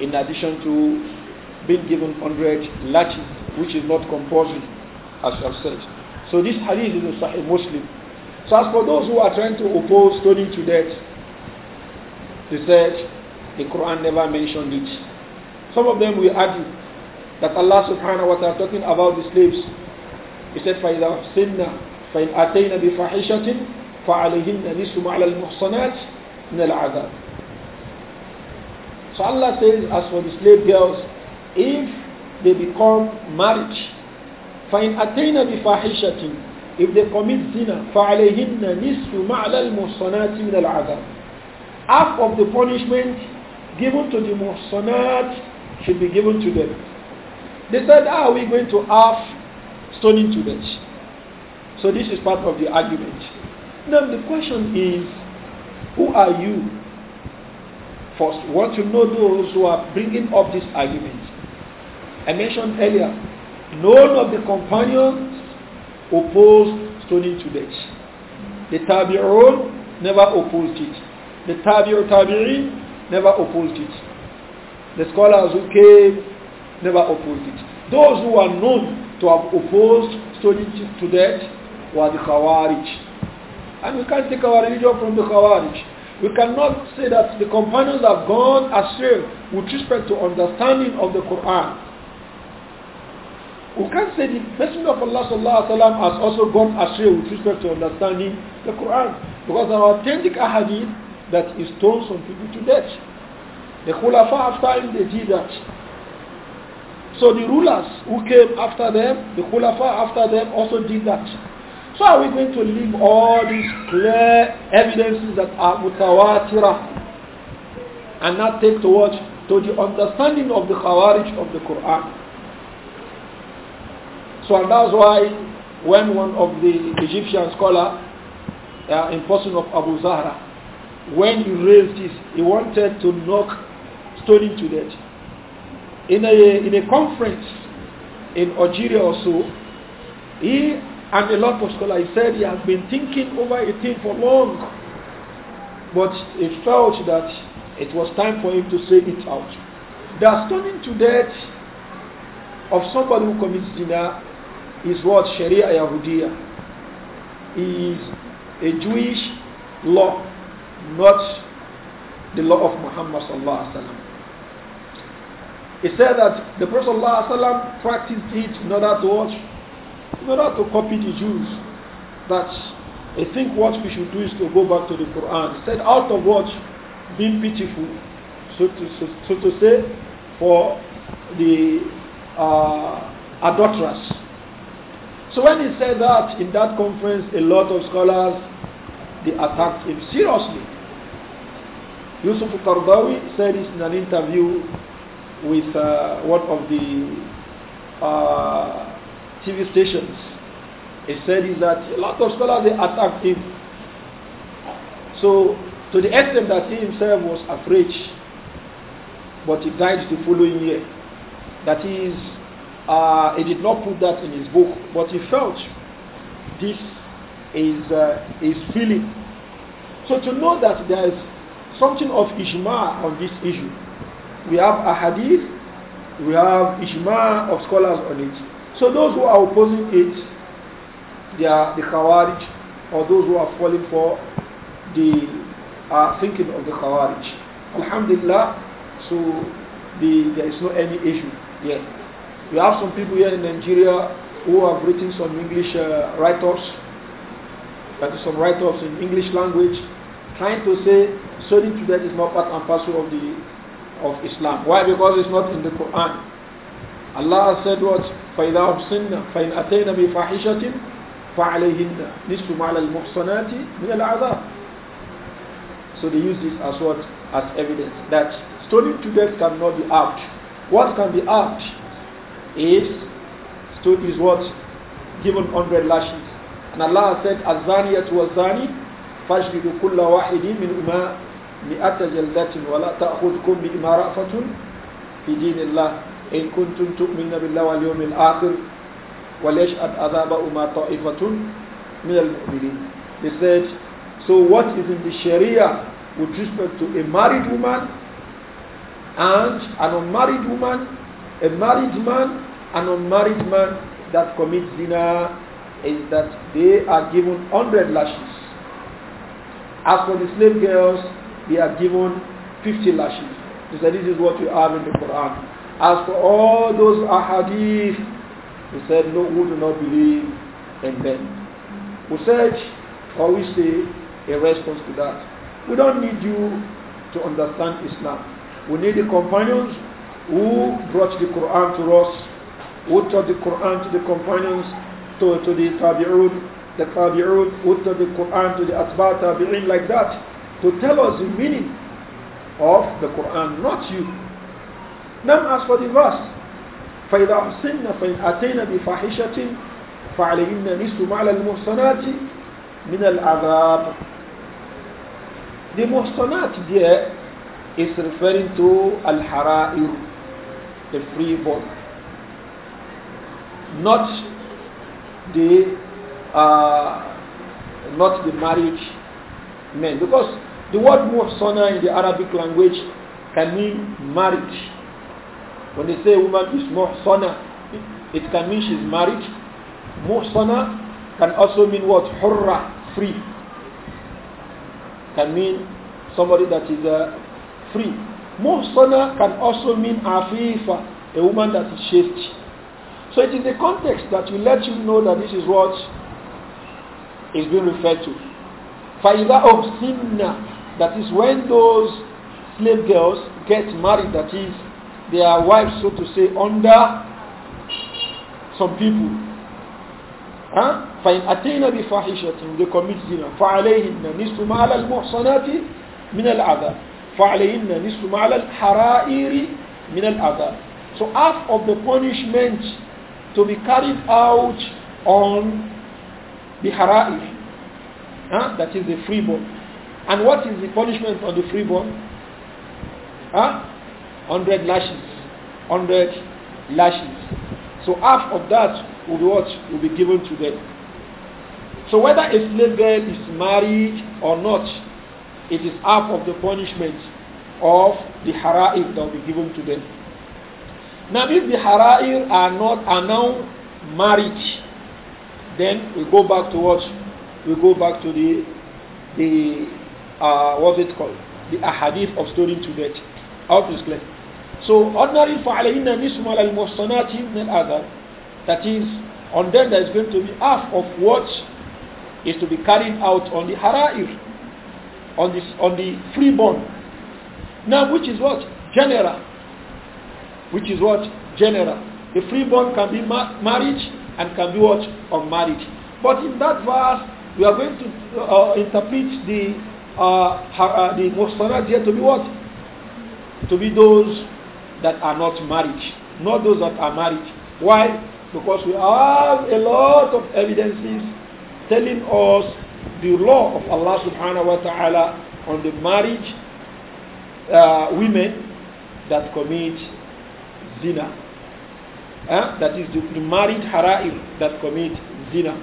In addition to being given 100 lashes, which is not compulsory, as I have said. So this hadith is a Muslim. So as for those who are trying to oppose stoning to death, they said the Quran never mentioned it. Some of them will argue that Allah subhanahu wa ta'ala talking about the slaves. He said, فَإِذَا سِنَّا فَإِنْ أَتَيْنَا بِفَحِشَةٍ فَعَلَيْهِنَّ نِسُمَ عَلَى الْمُحْصَنَاتِ مِنَ الْعَذَابِ so Allah says, as for the slave girls, if they become married, فَإِنْ أَتَيْنَ بِفَاحِشَةٍ if they commit zina, فَعَلَيْهِنَّ نِسْفُ مَعْلَى الْمُحْصَنَاتِ مِنَ الْعَذَابِ Half of the punishment given to the muhsanat should be given to them. They said, ah, are we going to half stoning to death? So this is part of the argument. Now the question is, who are you first. We want to know those who are bringing up this argument. I mentioned earlier, none of the companions opposed stoning to death. The Tabi'un never opposed it. The Tabi'u Tabi'in never opposed it. The scholars who came never opposed it. Those who are known to have opposed stoning to death were the Khawarij. And we can't take our religion from the Khawarij. We cannot say that the companions have gone astray with respect to understanding of the Quran. We can say the Messenger of Allah sallallahu alaihi wasallam has also gone astray with respect to understanding the Quran because there are authentic ahadith that he stoned some people to death. The Khulafa after him they did that. So the rulers who came after them, the Khulafa after them also did that. So are we going to leave all these clear evidences that are mutawatira and not take towards to the understanding of the Khawarij of the Quran? So and that's why when one of the Egyptian scholar uh, in person of Abu Zahra, when he raised this, he wanted to knock stone into death. In a, in a conference in Algeria or so, he and the lot of scholars said he has been thinking over a thing for long, but he felt that it was time for him to say it out. The stunning to death of somebody who commits zina is what Sharia Yahudiya is a Jewish law, not the law of Muhammad sallallahu alaihi wasallam. He said that the Prophet sallallahu alaihi wasallam practiced it in order to watch in order to copy the Jews that I think what we should do is to go back to the Quran. said, out of what being pitiful, so to, so, so to say, for the uh, adulterers. So when he said that in that conference, a lot of scholars they attacked him seriously. Yusuf Qardawi said this in an interview with uh, one of the uh, TV stations, he said is that a lot of scholars they attacked him. So to the extent that he himself was afraid, but he died the following year. That is, uh, he did not put that in his book, but he felt this is uh, his feeling. So to know that there is something of ijma on this issue, we have a hadith, we have ijma of scholars on it. So those who are opposing it, they are the Khawarij, or those who are falling for the uh, thinking of the Khawarij. Alhamdulillah, so the, there is no any issue yet. We have some people here in Nigeria who have written some English uh, write-offs, some write-offs in English language, trying to say sowing to is not part and parcel of the of Islam. Why? Because it's not in the Quran. Allah said what? فإذا أحصنا فإن أتينا بفاحشة فعليهن نصف ما على المحصنات من العذاب So they use this as what? As evidence that stoning to death cannot be out. What can be out is stone is what? Given 100 lashes. And Allah said, الزانية والزاني فاجلدوا كل واحد منهما مئة جلدة ولا تأخذكم بإما رأفة في دين الله إن كنتم تؤمنون بالله واليوم الآخر وليشهد عذابهما طائفة من المؤمنين He said, so what is in the Sharia with respect to a married woman and an unmarried woman, a married man, an unmarried man that commits zina is that they are given 100 lashes. As for the slave girls, they are given 50 lashes. He said, this is what we have in the Quran. As for all those ahadith, he said, no, we do not believe in them. We said, or we say, a response to that. We don't need you to understand Islam. We need the companions who brought the Quran to us, who taught the Quran to the companions, to, to the Tabi'un, the Tabi'un, who taught the Quran to the Atba Tabi'in, like that, to tell us the meaning of the Quran, not you. Now as for the verse, فإذا أحسن فإن أتينا بفاحشة فعليهن نصف ما على المحصنات من العذاب The muhsanat here is referring to al-hara'ir, the freeborn, not the uh, not the married men, because the word muhsana in the Arabic language can mean marriage When they say woman is muhsana, it can mean she's married. Muhsana can also mean what? Hurra, free. Can mean somebody that is uh, free. Muhsana can also mean afifa, a woman that is chaste. So it is the context that will let you know that this is what is being referred to. Faida of Sinna, that is when those slave girls get married, that is their wives, so to say, under some people. Huh? فإن أتينا بفاحشة they commit zina فعليهن نصف ما على المحصنات من العذاب فعليهن نصف ما على الحرائر من العذاب So half of the punishment to be carried out on the harair, huh? that is the freeborn. And what is the punishment on the freeborn? Huh? 100 lashes. 100 lashes. So half of that will be what? Will be given to them. So whether a slave girl is married or not, it is half of the punishment of the hara'ir that will be given to them. Now if the hara'ir are not are now married, then we go back to what? We go back to the the uh, what's it called? The ahadith of stoning to death. How to explain? So ordinary فَعَلَيْنَ نِسْمَ عَلَى الْمُحْصَنَاتِ مِنَ الْأَذَى That is, on them there is going to be half of what is to be carried out on the hara'ir, on, this, on the freeborn. Now which is what? General. Which is what? General. The freeborn can be ma marriage and can be what? marriage. But in that verse, we are going to uh, interpret the uh, uh, the muhsanat here to be what? To be those that are not married, not those that are married. Why? Because we have a lot of evidences telling us the law of Allah subhanahu wa ta'ala on the marriage uh, women that commit zina. Eh? That is the married hara'ir that commit zina.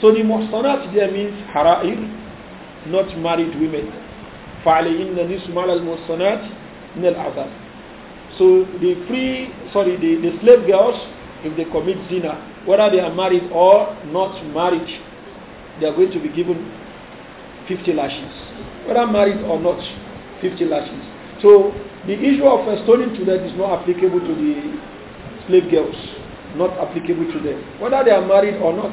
So the muhsanat there means hara'ir, not married women. فَعَلَيْهِنَّ نِسْمَ عَلَى الْمُحْصَنَاتِ مِنَ الْعَذَابِ so the free, sorry, the, the slave girls, if they commit zina, whether they are married or not married, they are going to be given 50 lashes. Whether married or not, 50 lashes. So the issue of uh, stoning to them is not applicable to the slave girls, not applicable to them. Whether they are married or not,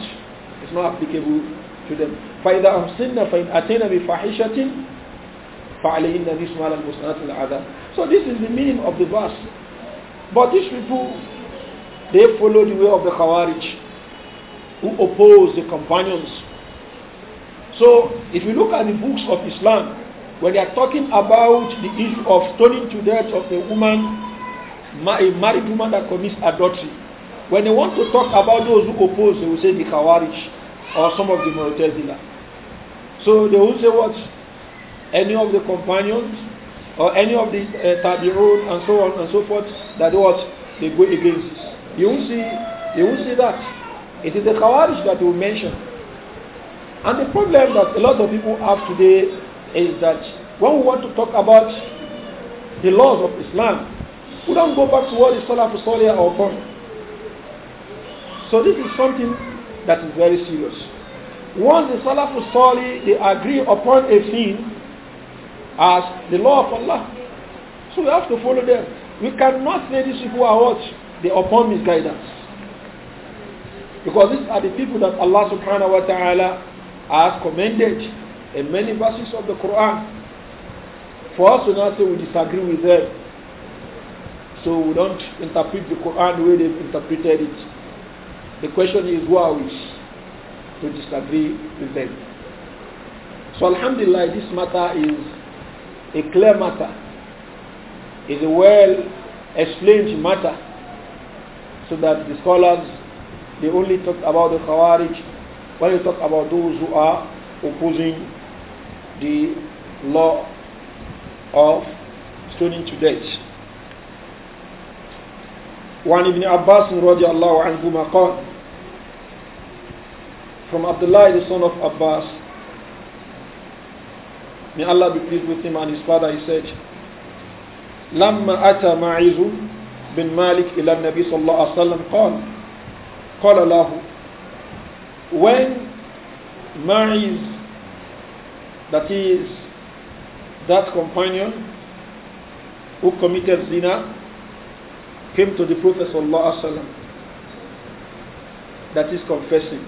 it's not applicable to them. فإذا أحسن فإن أتينا بفاحشة فعليهن نصف على المحصنات العذاب so this is the meaning of the verse. But these people, they follow the way of the Khawarij, who oppose the companions. So if you look at the books of Islam, when they are talking about the issue of stoning to death of a woman, a married woman that commits adultery, when they want to talk about those who oppose, they will say the Khawarij or some of the Mu'tazila. So they will say what? Any of the companions or any of these uh, tabi'un and so on and so forth that what they go against. You will see, you will see that it is the Khawarij that you mention. And the problem that a lot of people have today is that when we want to talk about the laws of Islam, we don't go back to what the Salaf Salih are upon. So this is something that is very serious. Once the Salaf Salih, they agree upon a thing, as the law of Allah. So we have to follow them. We cannot say these people are what? They upon misguidance. Because these are the people that Allah subhanahu wa ta'ala has commended in many verses of the Quran. For us to not say we disagree with them. So we don't interpret the Quran the way they've interpreted it. The question is who are we to disagree with them? So Alhamdulillah this matter is a clear matter, is a well explained matter, so that the scholars they only talk about the Khawarij when you talk about those who are opposing the law of stoning to death. وعن ابن عباس رضي الله عنهما قال from Abdullah the son of Abbas May Allah be pleased with him and his father. He said, لما أتى معيز بن مالك إلى النبي صلى الله عليه وسلم قال قال له when Ma'iz that is that companion who committed zina came to the Prophet sallallahu alaihi wasallam that is confessing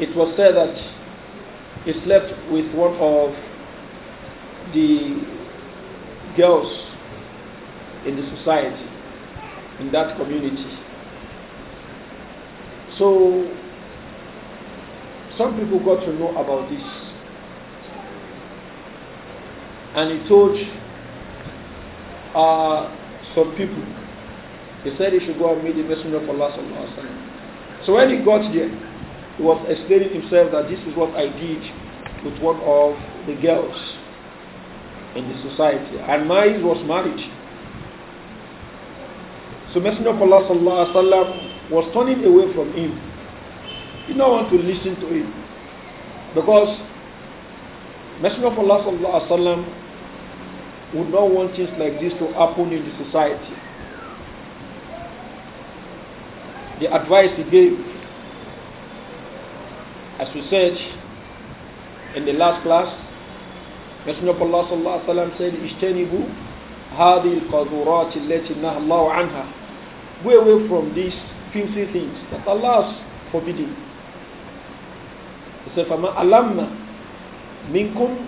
it was said that he slept with one of the girls in the society, in that community. So, some people got to know about this. And he told uh, some people, he said he should go and meet the Messenger of Allah. So, when he got there, he was explaining himself that this is what I did with one of the girls in the society. And mine was marriage. So Messenger of Allah sallallahu sallam, was turning away from him. He did not want to listen to him. Because Messenger of Allah sallallahu sallam, would not want things like this to happen in the society. The advice he gave as we said in the last class, Messenger of Allah sallallahu alaihi wasallam said, "Ijtanibu hadi al-qadurat allati nahallahu anha." Go away from these filthy things that Allah has forbidden. He said, "Fama alamna minkum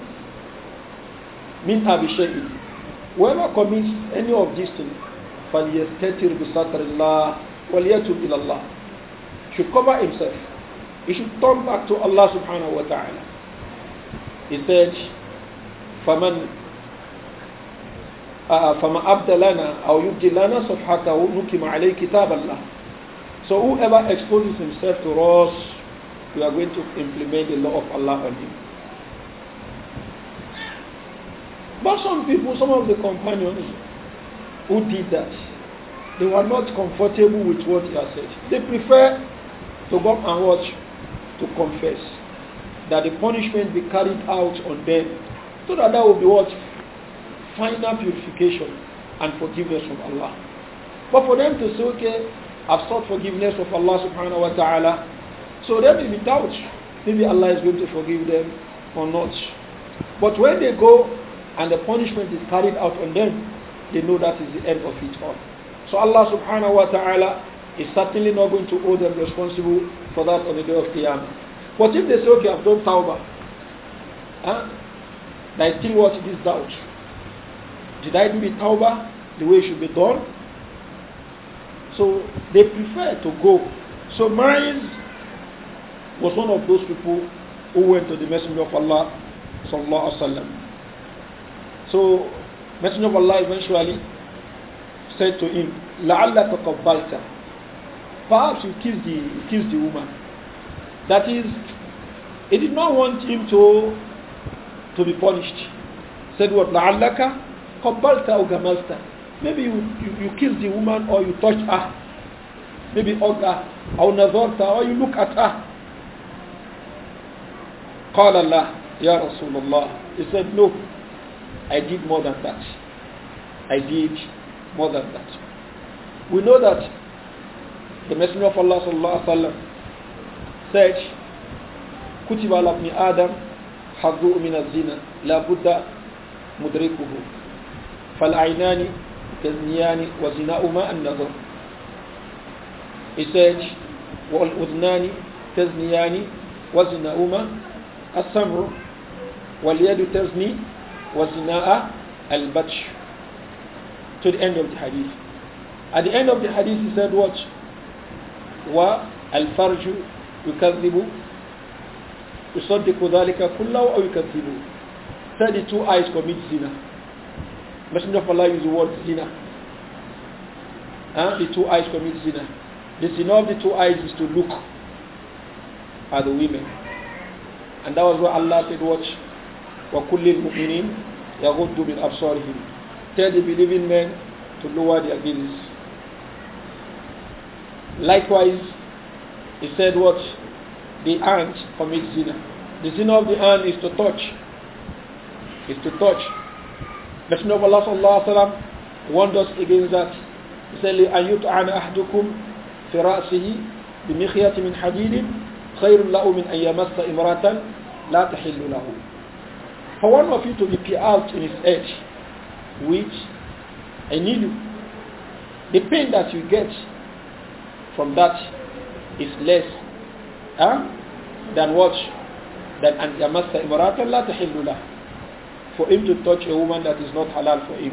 min abishay'in." Whoever commits any of these things, فَلْيَسْتَتِرْ بِسَتْرِ اللَّهِ وَلْيَتُبْ إِلَى اللَّهِ Should cover himself you should turn back to Allah subhanahu wa ta'ala. He said, فَمَنْ فَمَا أَبْدَ لَنَا أَوْ يُبْدِ لَنَا صَفْحَكَهُ نُكِمَ عَلَيْهِ كِتَابَ اللَّهِ So whoever exposes himself to us, we are going to implement the law of Allah on him. But some people, some of the companions who did that, they were not comfortable with what he has said. They prefer to go and watch to confess. That the punishment be carried out on them. So that that will be what? Final purification and forgiveness from Allah. But for them to say, okay, I've sought forgiveness of Allah subhanahu wa ta'ala. So there may be doubt. Maybe Allah is going to forgive them or not. But when they go and the punishment is carried out on them, they know that is the end of it all. So Allah subhanahu wa ta'ala is certainly not going to hold them responsible for that on the day of Qiyamah. But if they say, okay, I've done Tawbah, huh? there is still what this doubt. Did I do the Tawbah the way it should be done? So they prefer to go. So Maris was one of those people who went to the Messenger of Allah sallallahu alaihi wasallam. So Messenger of Allah eventually said to him, allah قَبَّلْتَ perhaps you kiss the you the woman. That is, he did not want him to to be punished. Said what? La'allaka qabbalta or gamalta. Maybe you, you, you the woman or you touch her. Maybe hug or uh, nazarta or you look at her. قال الله يا رسول الله He said, no, I did more than that. I did more than that. We know that The Messenger of Allah sallallahu alaihi wasallam said, كتب على ابن آدم حظه من الزنا لا بد مدركه فالعينان تزنيان وزناهما النظر He said, والأذنان تزنيان وزناهما السمع واليد تزني وزناء البتش to the end of the hadith. At the end of the hadith, he said, Watch, والفرج يكذب يصدق ذلك كله أو يكذبه 32 eyes commit zina Messenger of Allah is the word zina huh? the two eyes commit zina the sin of the two eyes is to look at the women and that was what Allah said watch وَكُلِّ الْمُؤْمِنِينَ يَغُدُّ مِنْ أَبْصَارِهِمْ Tell the believing men to lower their gaze Likewise, he said what? The ant commits zina. The sin of the ant is to touch. Is to touch. Messenger of Allah sallallahu alaihi wasallam warned us against that. He said, لأن أحدكم في رأسه بمخية من حديد خير له من أن يمس امرأة لا تحل له. For one of you to be pierced in his head which a needle, the pain that you get from that is less huh, than what? Than an yamassa imratan la tahillulah. For him to touch a woman that is not halal for him.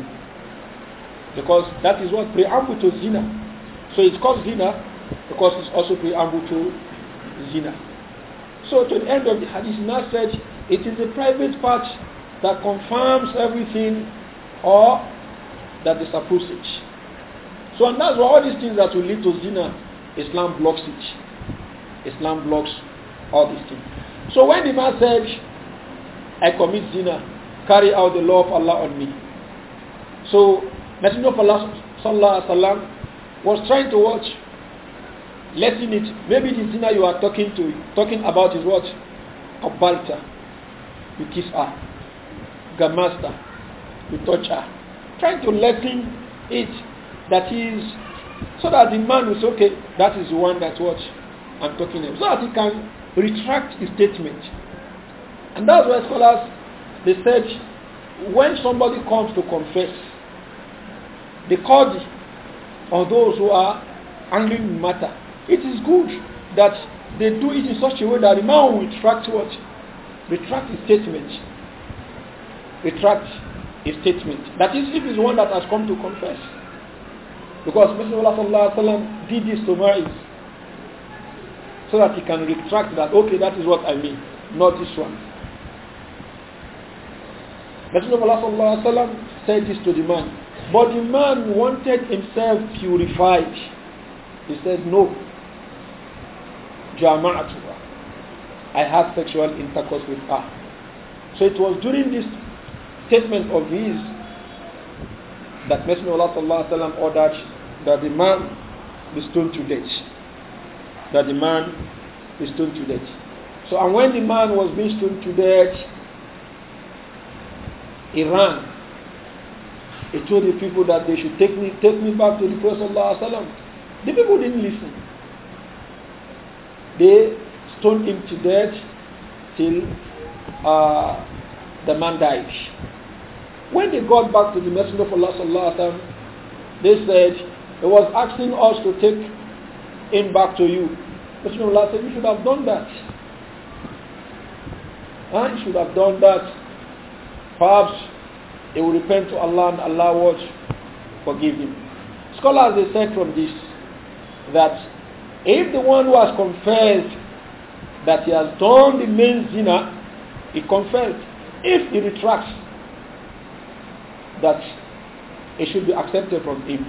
Because that is what preamble to zina. So it's called zina because it's also preamble to zina. So to the end of the hadith now said, it is the private part that confirms everything or that disapproves it. So and that's why all these things that will lead to zina Islam blocks it. Islam blocks all these things. So when the man says, I commit zina, carry out the law of Allah on me. So Messenger of Allah sallallahu sallam, was trying to watch, letting it. Maybe the zina you are talking to, talking about is what? Abalta. You kiss her. Gamasta. You touch her. Trying to lessen it. That is so that the man will say, okay, that is the one that what I'm talking about. So that he can retract his statement. And that's why scholars, they said, when somebody comes to confess, the cause of those who are handling matter, it is good that they do it in such a way that the man will retract what? Retract his statement. Retract his statement. That is, if it's one that has come to confess. Because Messenger did this to Mu'iz so that he can retract that, okay, that is what I mean, not this one. Messenger of Allah said this to the man, but the man wanted himself purified. He said, no, jama'atuha. I had sexual intercourse with her. So it was during this statement of his that Messenger of Allah sallam, ordered that the man be stoned to death. That the man be stoned to death. So, and when the man was being stoned to death, he ran. He told the people that they should take me, take me back to the Prophet. The people didn't listen. They stoned him to death till uh, the man died. When they got back to the Messenger of Allah, they said, he was asking us to take him back to you. Rasulullah said, you should have done that. Huh? You should have done that. Perhaps he will repent to Allah and Allah will forgive him. Scholars, they said from this that if the one who has confessed that he has done the main zina, he confessed. If he retracts, that it should be accepted from him.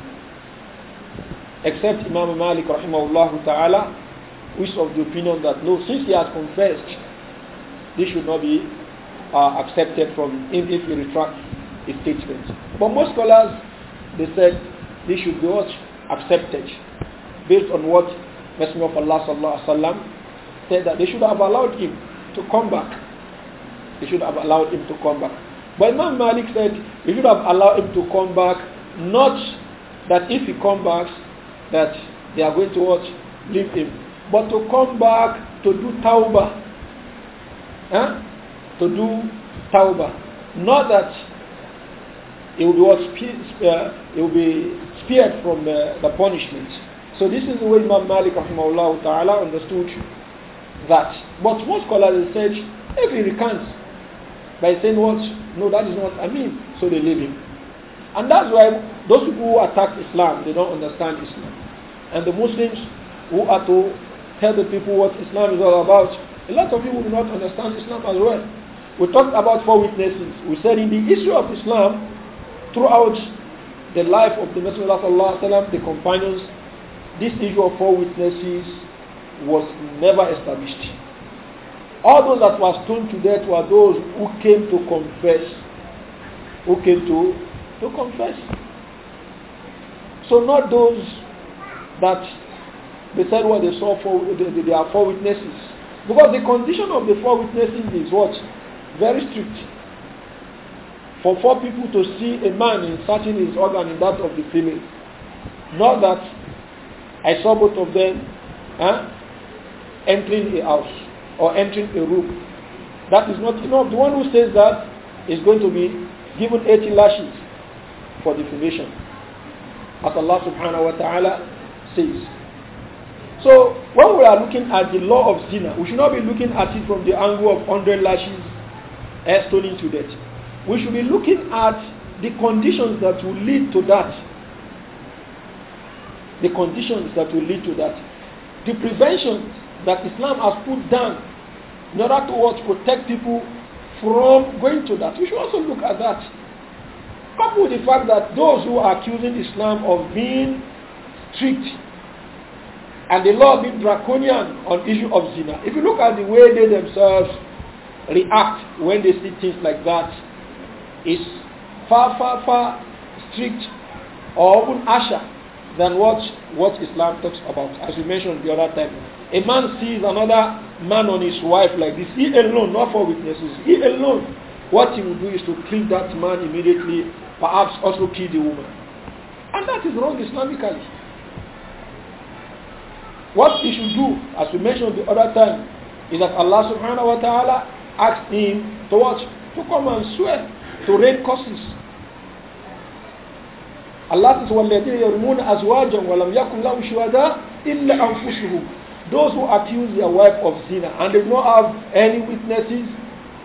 Except Imam Malik rahimahullah ta'ala, who is of the opinion that no, since he has confessed, this should not be uh, accepted from him if he retracts his statement. But most scholars, they said this should be accepted based on what Messenger of Allah sallallahu alaihi wasallam said that they should have allowed him to come back. They should have allowed him to come back. But Imam Malik said, we should have allowed him to come back, not that if he comes back, that they are going to what? Leave him. But to come back to do tauba, huh? to do tauba. not that it will be, what it uh, will be spared from the punishment. So this is the way Imam Malik rahimahullah ta'ala understood that. But most scholars said, if he recants by saying what? No, that is not what I mean. So they leave him. And that's why those people who attack Islam, they don't understand Islam. And the Muslims who are to tell the people what Islam is all about, a lot of people do not understand Islam as well. We talked about four witnesses. We said in the issue of Islam, throughout the life of the Messenger of Allah, the companions, this issue of four witnesses was never established. All those that were stoned to death were those who came to confess, who came to to confess. So not those that they said what they saw for they are four witnesses. Because the condition of the four witnesses is what? Very strict. For four people to see a man inserting his organ in that of the female. Not that I saw both of them huh, entering a house or entering a room. That is not enough. The one who says that is going to be given 80 lashes for the prevention, As Allah subhanahu wa ta'ala says. So when we are looking at the law of zina, we should not be looking at it from the angle of 100 lashes as stoning to death. We should be looking at the conditions that will lead to that. The conditions that will lead to that. The prevention that Islam has put down in order to protect people from going to that. We should also look at that coupled with the fact that those who are accusing Islam of being strict and the law being draconian on issue of zina, if you look at the way they themselves react when they see things like that, is far, far, far strict or even harsher than what, what Islam talks about, as we mentioned the other time. A man sees another man on his wife like this, he alone, not for witnesses, he alone what he will do is to kill that man immediately, perhaps also kill the woman. And that is wrong Islamically. What he should do, as we mentioned the other time, is that Allah subhanahu wa ta'ala asked him to watch, to come and swear, to rain curses. Allah says, وَالَّذِينَ يَرْمُونَ أَزْوَاجًا وَلَمْ يَكُنْ لَهُمْ شُهَدَاءَ إِلَّا أَنفُسُهُمْ Those who accuse their wife of zina and they do not have any witnesses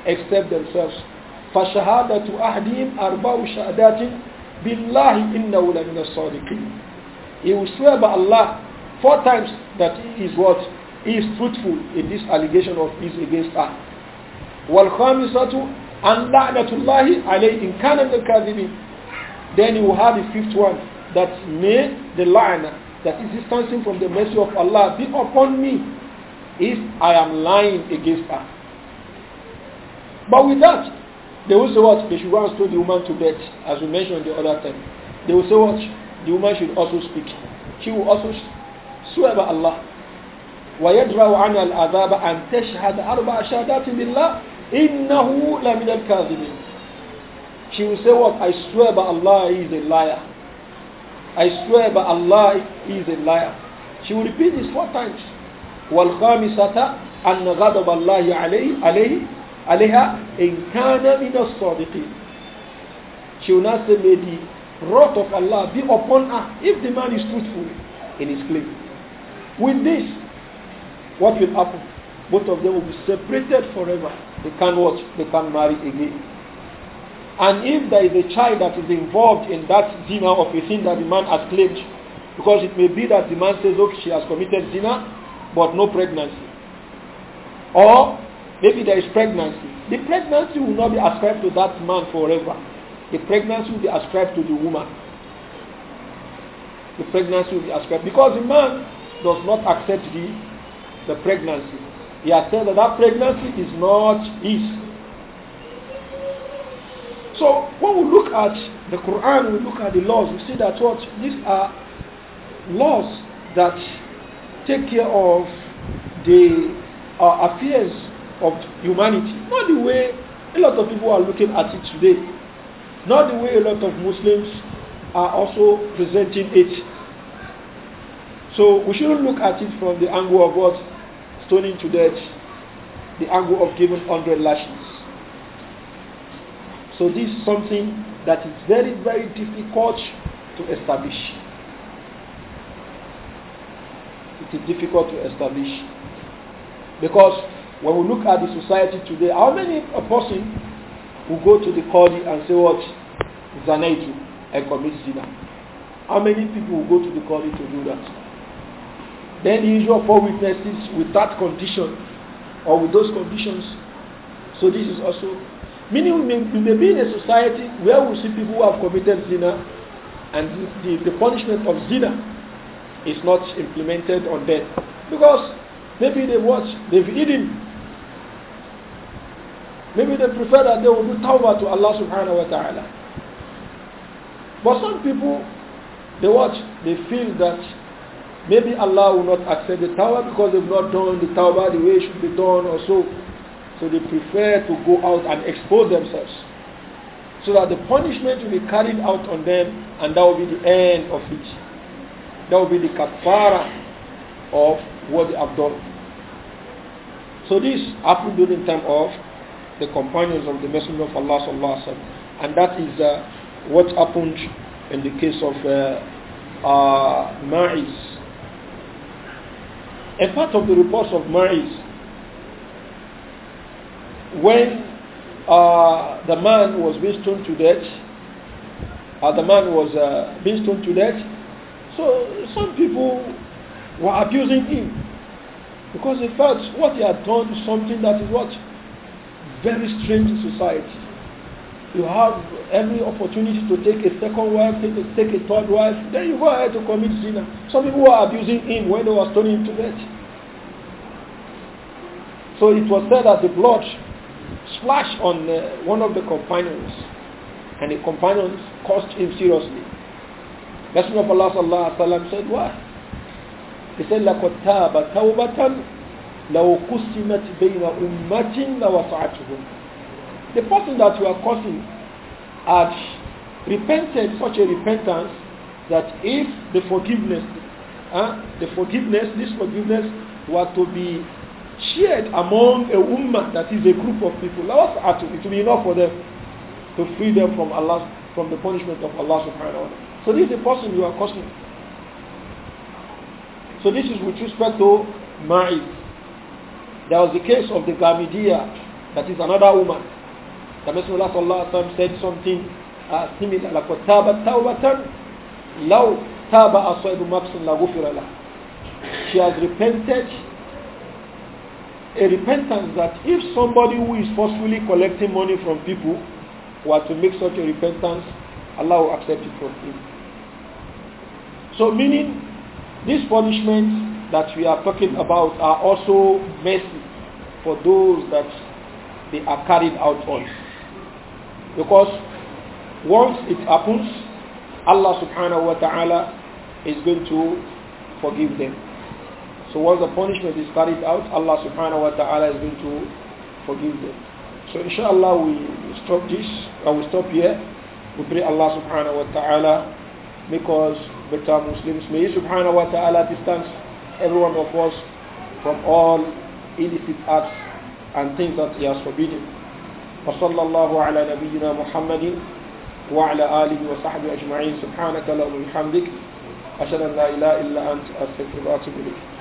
except themselves. فشهادة أحدهم أربع شهادات بالله إنه لمن الصادقين He will swear by Allah four times that he is what? He is truthful in this allegation of his against her. وَالْخَامِسَةُ أَنْ لَعْنَةُ اللَّهِ in kana al مِنْ Then you will have the fifth one that may the la'na that is distancing from the mercy of Allah be upon me if I am lying against her. But with that, they will say what? They should go and stone the woman to death, as we mentioned the other time. They will say what? The woman should also speak. She will also swear by Allah. ويدرأ عن العذاب أن تشهد أربع شهادات بالله إنه لمن الكاذبين She will say what? I swear by Allah he is a liar. I swear by Allah he is a liar. She will repeat this four times. والخامسة أن غضب الله عليه عليه عليها إن كان من الصادقين she will not say may the wrath of Allah be upon her if the man is truthful in his claim with this what will happen both of them will be separated forever they can't watch they can't marry again and if there is a child that is involved in that zina of a sin that the man has claimed because it may be that the man says okay she has committed zina but no pregnancy or Maybe there is pregnancy. The pregnancy will not be ascribed to that man forever. The pregnancy will be ascribed to the woman. The pregnancy will be ascribed because the man does not accept the, the pregnancy. He has said that that pregnancy is not his. So when we look at the Quran, we look at the laws, we see that what these are laws that take care of the uh, affairs of humanity. Not the way a lot of people are looking at it today. Not the way a lot of Muslims are also presenting it. So we shouldn't look at it from the angle of what? Stoning to death. The angle of giving 100 lashes. So this is something that is very, very difficult to establish. It is difficult to establish. Because when we look at the society today, how many a person will go to the Qadi and say what? Zanaitu and commit zina. How many people will go to the Qadi to do that? Then the usual four witnesses with that condition or with those conditions. So this is also meaning we may, we may be in a society where we see people who have committed zina and the, the, punishment of zina is not implemented on them because maybe they watch, they've eaten Maybe they prefer that they will do tawbah to Allah subhanahu wa ta'ala. But some people, they watch, they feel that maybe Allah will not accept the tawbah because they've not done the tawbah the way it should be done or so. So they prefer to go out and expose themselves. So that the punishment will be carried out on them and that will be the end of it. That will be the kafara of what they have done. So this happened during the time of the companions of the Messenger of Allah sallallahu alaihi wasallam, and that is uh, what happened in the case of uh, uh, Ma'iz. A part of the reports of Ma'iz, when uh, the man was being stoned to death, uh, the man was uh, being stoned to death, so some people were abusing him because in fact what he had done something that is what very strange society. You have every opportunity to take a second wife, take a, take a third wife, then you go ahead to commit sin. Some people were abusing him when they were stoning him to death. So it was said that the blood splashed on uh, one of the companions, and the companions cursed him seriously. Messenger of Allah sallallahu alaihi wasallam said, "Why?" He said, "Lakotaba tawbatan لو قسمت بين أمة The person that you are cursing had repented such a repentance that if the forgiveness, uh, the forgiveness, this forgiveness were to be shared among a woman that is a group of people, it will be enough for them to free them from Allah, from the punishment of Allah subhanahu wa ta'ala. So this is the person you are cursing. So this is with respect to Ma'id. There was the case of the Glamidia, that is another woman. The Messenger of Allah said something uh, similar, like Taba Tawbatan, Law Taba Aswaibu Maqsun Lagufirala. She has repented a repentance that if somebody who is forcefully collecting money from people were to make such a repentance, Allah will accept it from him. So meaning this punishment that we are talking about are also mercy for those that they are carried out on. Because once it happens, Allah subhanahu wa ta'ala is going to forgive them. So once the punishment is carried out, Allah subhanahu wa ta'ala is going to forgive them. So inshallah we stop this, I uh, will stop here. We pray Allah subhanahu wa ta'ala because we better Muslims. May subhanahu wa ta'ala distance every one of us from all illicit acts and things that he has forbidden. وصلى الله على نبينا محمد وعلى آله وصحبه أجمعين سبحانك اللهم وبحمدك أشهد أن لا إله إلا أنت أستغفرك وأتوب إليك.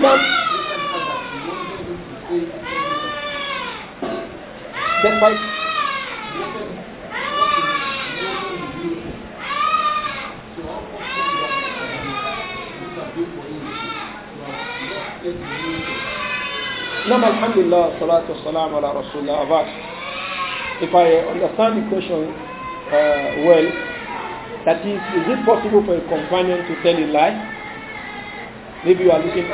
Despite Nam alhamdulillah, salatu salam ala rasulullah abad. If I understand the question uh, well, that is, is it possible for a companion to tell a lie? Maybe you are looking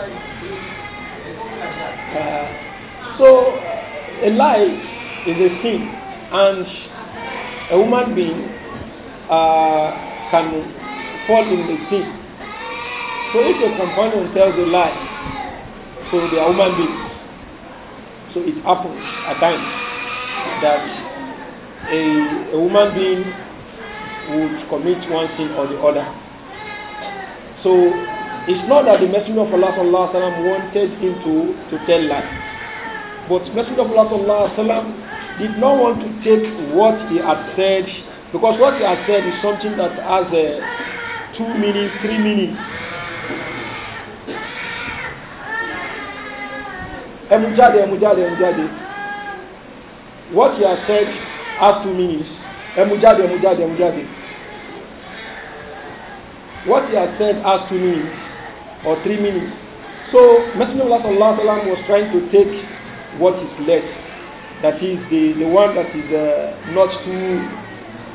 Uh, so, uh, a lie is a sin, and a human being uh, can fall in the sin. So, if your companion tells a lie, so they are human beings. So, it happens at times that a, a human being would commit one sin or the other. So, It's not that the Messenger of Allah sallallahu alaihi wasallam wanted him to, to tell lies. But Messenger of Allah sallallahu alaihi wasallam did not want to take what he had said because what he had said is something that has a two meanings, three meanings. Emujade, emujade, emujade. What he has said has two meanings. Emujade, emujade, emujade. What he has said has two meanings. or three minutes. So Messenger of Allah was trying to take what is left, that is the, the one that is uh, not too,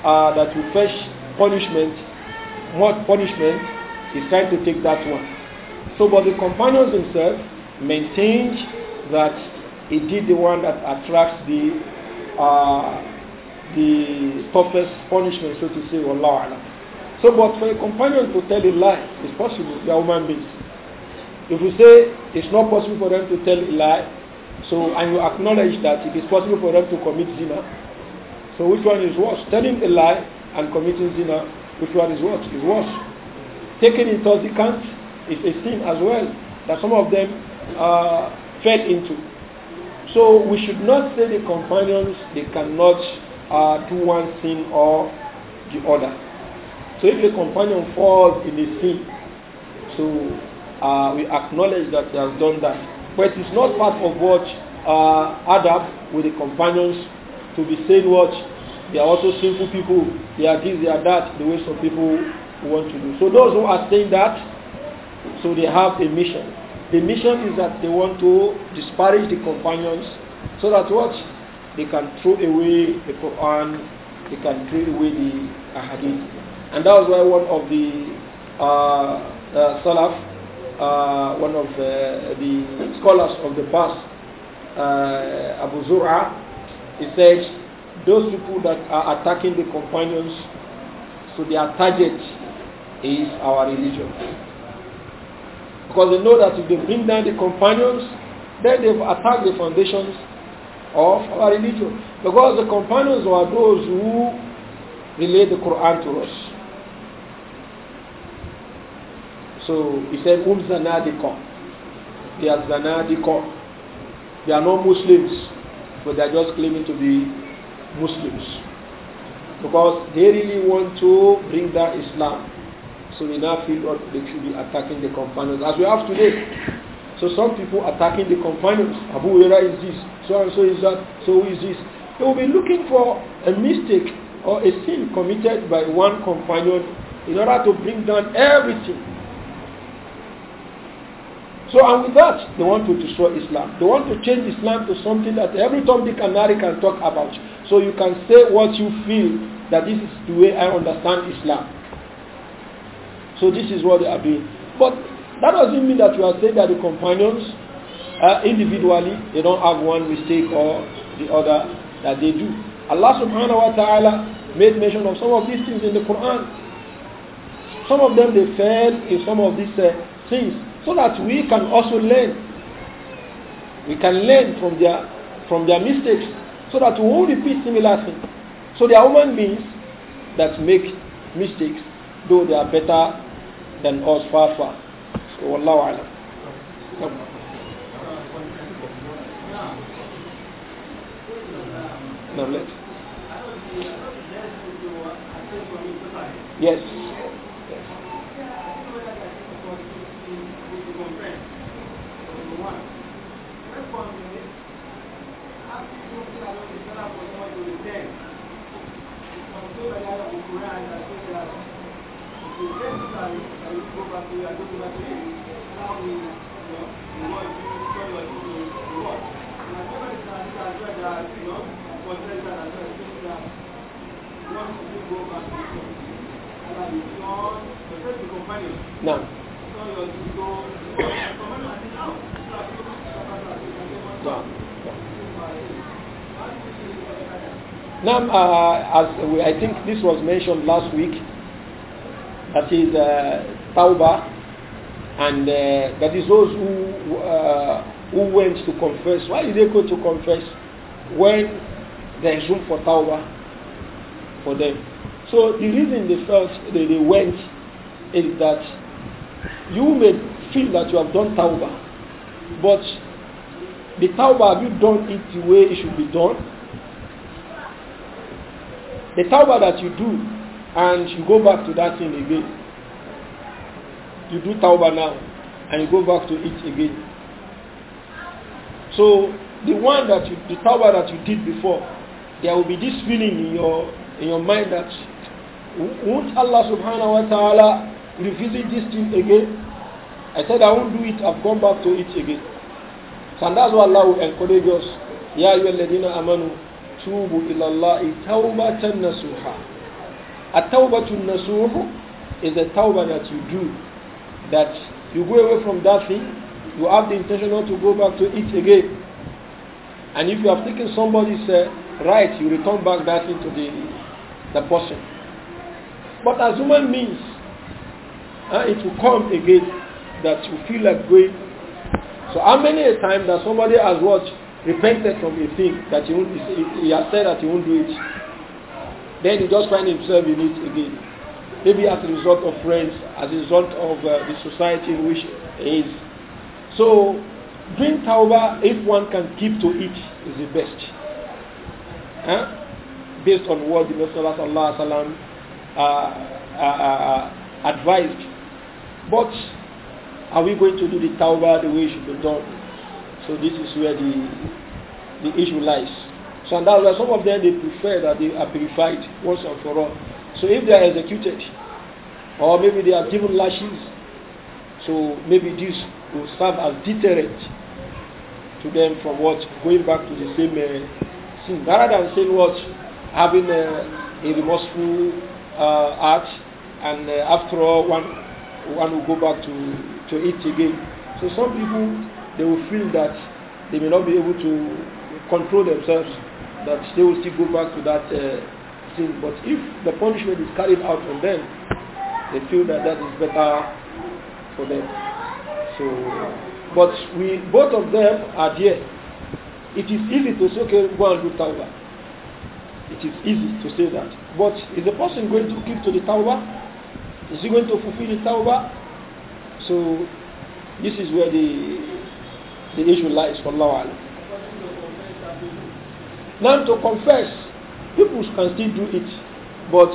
uh, that will fetch punishment, more punishment, is trying to take that one. So but the companions themselves maintained that he did the one that attracts the, uh, the toughest punishment, so to say, Allah. So, but for a companion to tell a lie, it's possible. They are human beings. If you say it's not possible for them to tell a lie, so and you acknowledge that it is possible for them to commit zina, so which one is worse? Telling a lie and committing zina, which one is worse? Is worse. Taking intoxicants is a sin as well that some of them uh, fell into. So we should not say the companions they cannot uh, do one sin or the other. So if a companion falls in the sin, so uh, we acknowledge that he has done that. But it's not part of what uh, adab with the companions to be saying what they are also sinful people, they are this, they are that, the way some people want to do. So those who are saying that, so they have a mission. The mission is that they want to disparage the companions so that what? They can throw away the Quran, they can throw away the Ahadith. And that was why one of the uh, uh Salaf, uh, one of the scholars of the past, uh, Abu Zura, he said, those people that are attacking the companions, so their target is our religion. Because they know that if they bring down the companions, then they've attacked the foundations of our religion. Because the companions were those who relayed the Quran to us. So he said, Um Zanadika. They are Zanadika. They are not Muslims, but they are just claiming to be Muslims. Because they really want to bring down Islam. So they now feel that they should be attacking the companions, as we have today. So some people attacking the companions. Abu Huraira is this, so and so is that, so is this. They will be looking for a mistake or a sin committed by one companion in order to bring down everything. So and with that, they want to destroy Islam. They want to change Islam to something that every Tom, Dick and Harry can talk about. So you can say what you feel that this is the way I understand Islam. So this is what they are doing. But that doesn't mean that you are saying that the companions uh, individually, they don't have one mistake or the other that they do. Allah subhanahu wa ta'ala made mention of some of these things in the Quran. Some of them they fell in some of these uh, things. so that we can also learn. We can learn from their from their mistakes so that we won't repeat similar things. So they are human beings that make mistakes, though they are better than us far far. So Allah Alam. No. No, let Yes. Now, now, uh, as we, I think this was mentioned last week, that is uh, Tawbah, and uh, that is those who, uh, who went to confess. Why did they go to confess when there is room for Tawbah for them? So the reason they felt they, they went is that you may feel that you have done Tawbah, but the Tawbah, have you done it the way it should be done? The Tawbah that you do and you go back to that thing again. You do tawbah now and you go back to it again. So the one that you, the tauba that you did before, there will be this feeling in your in your mind that won't Allah subhanahu wa ta'ala revisit this thing again? I said I won't do it, I've gone back to it again. So and that's why Allah will encourage us. Ya ayyuhalladhina amanu tubu ila Allahi tawbatan nasuha. A tawbatun nasuhu is a tawbah that you do, that you go away from that thing, you have the intention not to go back to it again. And if you have taken somebody's uh, right, you return back that thing to the, the person. But as human means, uh, it will come again that you feel like going. So how many a time that somebody has watched repented from a thing that he, he, he has said that he won't do it? Then he just find himself in it again. Maybe as a result of friends, as a result of uh, the society in which he is. So, doing tawbah, if one can keep to it, is the best. Huh? Based on what the Messenger Allah, uh, uh, uh, uh, advised. But are we going to do the tauba the way it should be done? So this is where the the issue lies. So and that's why some of them they prefer that they are purified once and for all. So if they are executed, or maybe they are given lashes, so maybe this will serve as deterrent to them from what going back to the same uh, sin. Rather than saying what having uh, a remorseful uh, act, and uh, after all one one will go back to to it again. So some people they will feel that they may not be able to control themselves that they will still go back to that uh, sin. But if the punishment is carried out on them, they feel that that is better for them. So, but we both of them are there. It is easy to say, okay, go and do tawbah. It is easy to say that. But is the person going to keep to the tawbah? Is he going to fulfill the tawbah? So this is where the the issue lies for Allah. Now to confess, people can still do it, but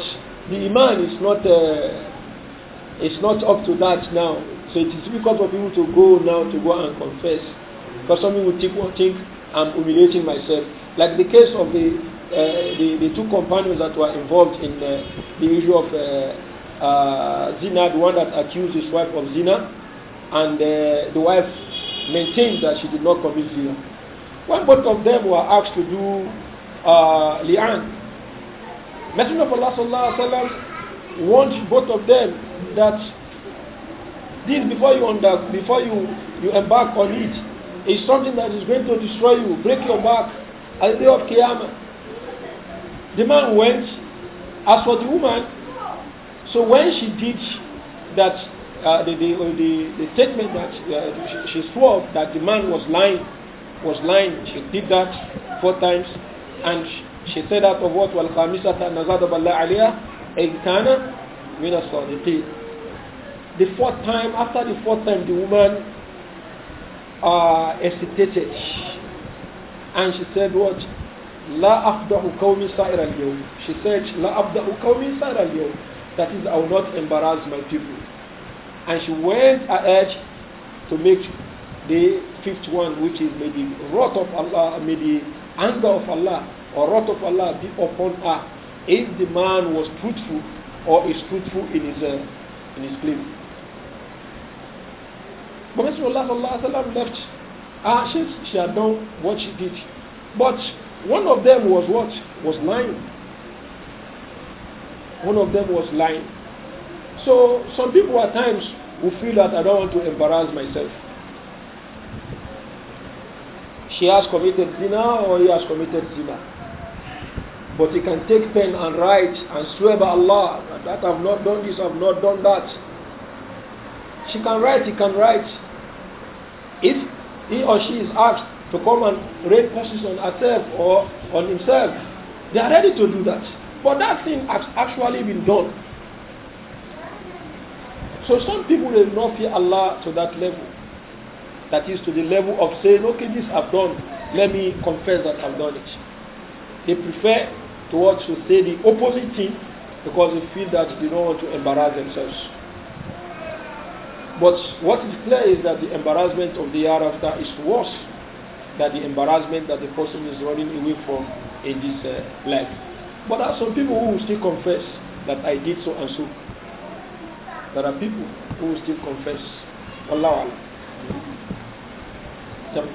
the iman is not uh, not up to that now. So it is difficult for people to go now to go and confess, because some people think, well, think I'm humiliating myself. Like the case of the uh, the, the, two companions that were involved in uh, the issue of uh, uh Zina, the one that accused his wife of Zina, and uh, the wife maintained that she did not commit Zina. When both of them were asked to do uh, li'an, Messenger of Allah sallallahu alaihi wasallam warned both of them that this before you under, before you, you embark on it is something that is going to destroy you, break your back at the day of Qiyamah. The man went. As for the woman, so when she did that, uh, the, the, the, the, statement that uh, she, she swore that the man was lying, was lying. She did that four times. And she said out of what? وَالْخَامِسَةَ أَنَّ غَضَبَ اللَّهِ عَلَيْهَا إِنْ كَانَ مِنَ الصَّادِقِينَ The fourth time, after the fourth time, the woman uh, hesitated. And she said what? لا أفضح قومي سائر اليوم. She said, لا أفضح قومي سائر اليوم. That is, I will not embarrass my people. And she went ahead to make the fifth one, which is maybe wrath of Allah, maybe anger of Allah, or wrath of Allah be upon her, if the man was truthful or is truthful in his, uh, in his claim. But for Allah left. ashes. Ah, she, she had done what she did. But one of them was what? Was lying. One of them was lying. So some people at times will feel that I don't want to embarrass myself she has committed zina or he has committed zina. But he can take pen and write and swear by Allah that I've not done this, I've not done that. She can write, he can write. If he or she is asked to come and raid forces on herself or on himself, they are ready to do that. But that thing has actually been done. So some people will not fear Allah to that level. That is to the level of saying, okay, this I've done. Let me confess that I've done it. They prefer to what to say the opposite thing because they feel that they don't want to embarrass themselves. But what is clear is that the embarrassment of the hereafter is worse than the embarrassment that the person is running away from in this uh, life. But there are some people who will still confess that I did so and so. There are people who will still confess. Allah Allah. Jump.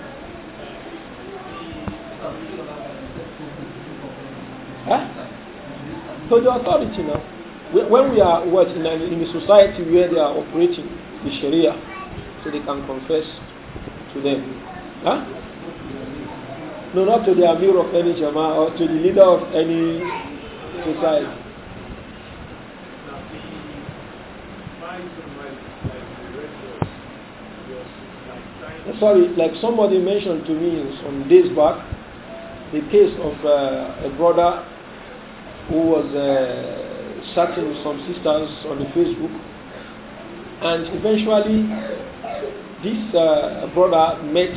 Huh? So the authority now, when we are what in a, in a society where they are operating the Sharia, so they can confess to them. Huh? No, not to the Amir of any Jama or to the leader of any society. sorry, like somebody mentioned to me some days back, the case of uh, a brother who was uh, chatting with some sisters on the Facebook, and eventually this uh, brother met,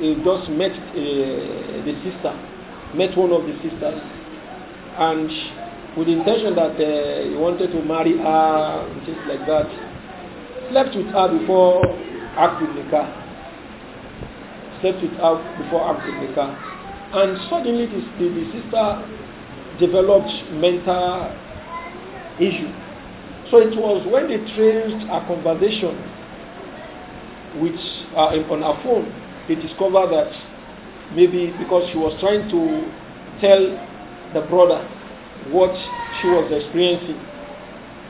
he just met uh, the sister, met one of the sisters, and with the intention that uh, he wanted to marry her and things like that, slept with her before acting the car. Set it out before after nikah. And suddenly this, the, the sister developed mental issue. So it was when they traced a conversation which uh, on her phone, they discovered that maybe because she was trying to tell the brother what she was experiencing.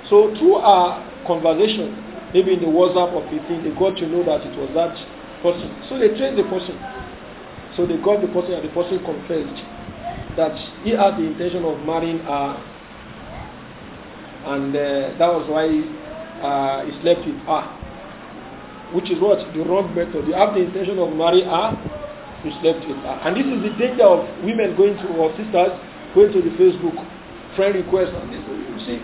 So through our conversation, maybe in the WhatsApp or 15, they got to know that it was that person. So they trained the person. So they got the person and the person confessed that he had the intention of marrying her and uh, that was why uh, he slept with her. Which is what? The wrong method. You have the intention of marrying her, you slept with her. And this is the danger of women going to, or sisters going to the Facebook friend request and this. You see,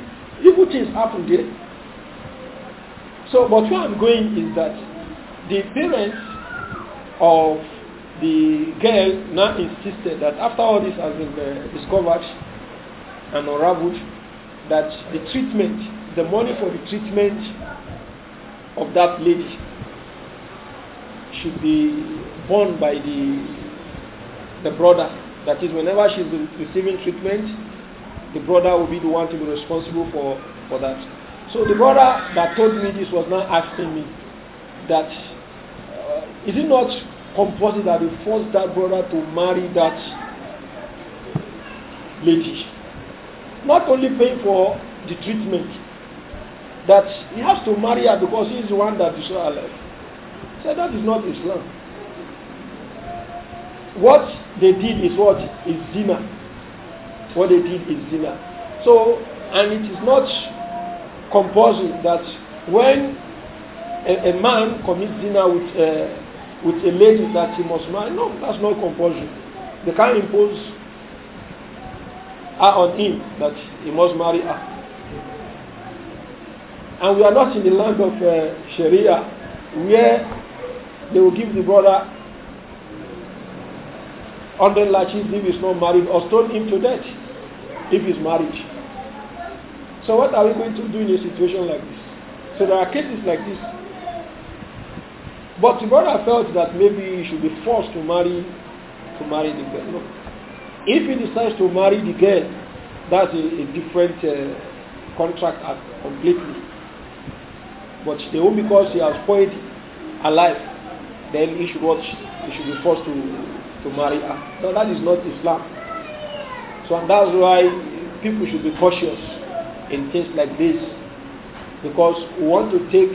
evil things happen there. So, but where I'm going is that the parents of the girl now insisted that after all this has been uh, discovered and unraveled, that the treatment, the money for the treatment of that lady should be borne by the, the brother. That is, whenever she's receiving treatment, the brother will be the one to be responsible for, for that. So the brother that told me this was now asking me that is it not compulsory that they force that brother to marry that lady? Not only paying for the treatment, that he has to marry her because he is the one that destroyed her life. So that is not Islam. What they did is what is zina. What they did is zina. So, and it is not compulsory that when a, a man commits zina with uh, with a lady that he must marry. No, that's not compulsion. They can't impose her on him that he must marry her. And we are not in the land of uh, Sharia where they will give the brother under lashes if he's not married or stone him to death if he's married. So what are we going to do in a situation like this? So there are cases like this but the brother felt that maybe he should be forced to marry to marry the girl. No. If he decides to marry the girl, that's a, a different uh, contract completely. But the only because he has spoiled her life, then he should watch, he should be forced to to marry her. No, that is not Islam. So that's why people should be cautious in things like this because we want to take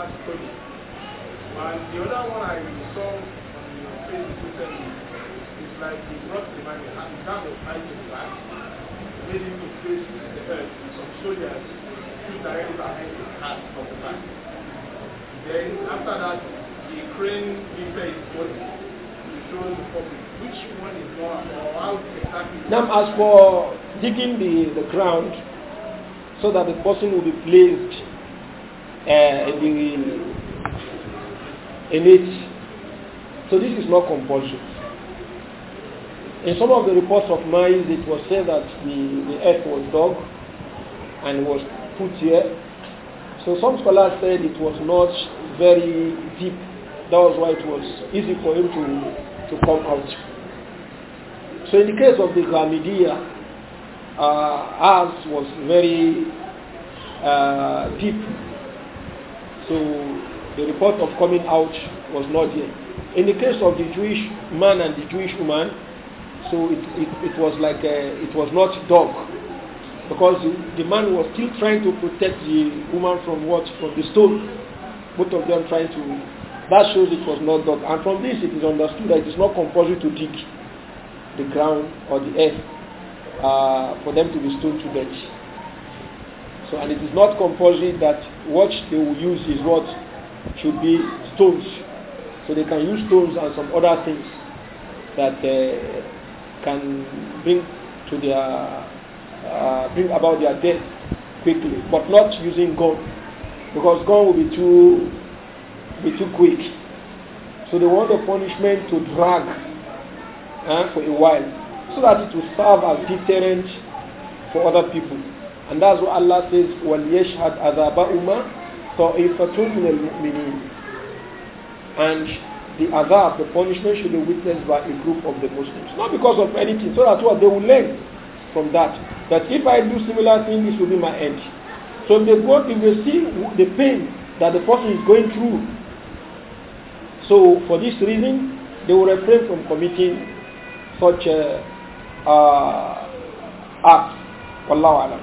last project. And the other one I saw on your Facebook recently is like he brought the man and he kind of tied to the back, made him to with the earth with some soldiers who directly behind the heart from the back. Then after that, the crane lifted his body to show the public which one is not or how exactly. Now, as for digging the, the ground so that the person will be placed uh, in it. So this is not compulsory. In some of the reports of mine, it was said that the, the earth was dug and was put here. So some scholars said it was not very deep. That was why it was easy for him to, to come out. So in the case of the chlamydia, uh, ours was very uh, deep so the report of coming out was not here. In the case of the Jewish man and the Jewish woman, so it, it, it was like a, it was not dog because the, the man was still trying to protect the woman from what? From the stone. Both of them trying to, that shows it was not dug. And from this it is understood that it is not compulsory to dig the ground or the earth uh, for them to be stoned to death. So, and it is not compulsory that what they will use is what should be stones. So they can use stones and some other things that uh, can bring to their uh, bring about their death quickly, but not using gun because gun will be too be too quick. So they want the punishment to drag uh, for a while so that it will serve as deterrent for other people. And that's what Allah says, وَلْيَشْهَدْ أَذَابَهُمَا طَائِفَةٌ مِنَ الْمُؤْمِنِينَ And the azab, the punishment should be witnessed by a group of the Muslims. Not because of anything, so that's what they will learn from that. That if I do similar thing, this will be my end. So if they go, if they see the pain that the person is going through, so for this reason, they will refrain from committing such uh, uh, acts. Wallahu alam.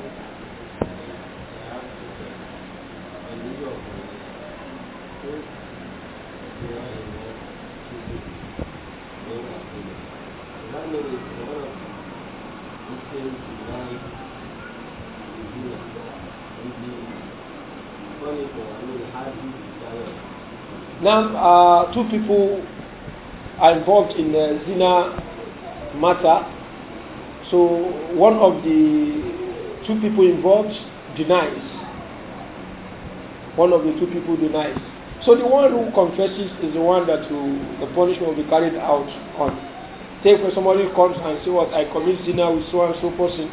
Now, uh, two people are involved in the zina matter. So, one of the two people involved denies. One of the two people denies. So the one who confesses is the one that will, the punishment will be carried out on. Take when somebody comes and says, what, I commit zina with so and so person.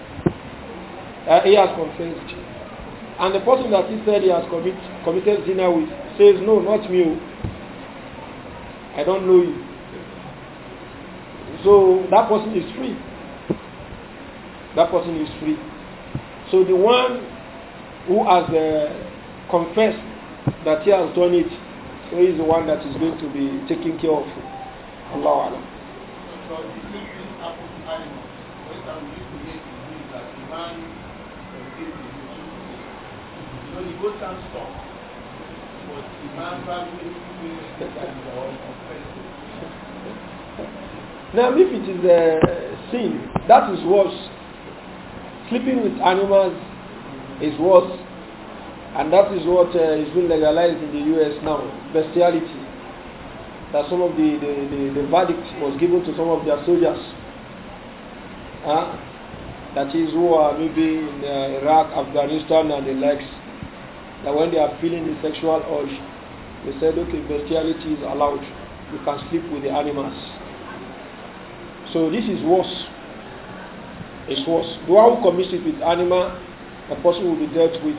Uh, he has confessed. And the person that he said he has commit, committed zina with says, no, not me. Oh. I don't know you. So that person is free. That person is free. So the one who has uh, confessed that he has done it. So he's the one that is going to be taken care of. Allah Alam. Now, if it is a sin, that is worse. Sleeping with animals is worse and that is what uh, is being legalized in the US now, bestiality. That some of the, the, the, the verdict was given to some of their soldiers. Huh? That is who are maybe in uh, Iraq, Afghanistan and the likes. That when they are feeling the sexual urge, they said, okay, bestiality is allowed. You can sleep with the animals. So this is worse. It's worse. The one who commits it with animal, the person will be dealt with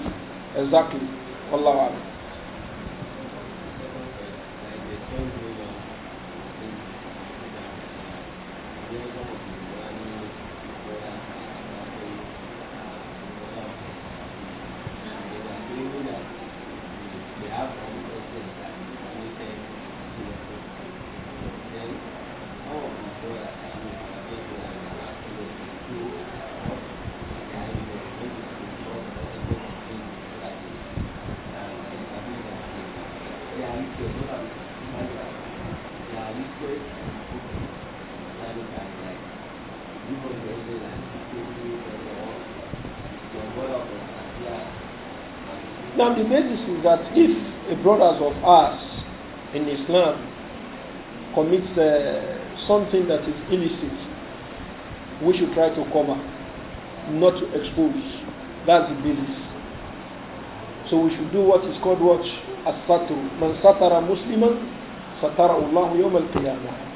Exactly. Wallahu alam. the basis is that if a brother of ours in Islam commits uh, something that is illicit, we should try to cover, not to expose. That's the basis. So we should do what is called what? As-satru. Man satara musliman, satara Allah yawm al-qiyamah.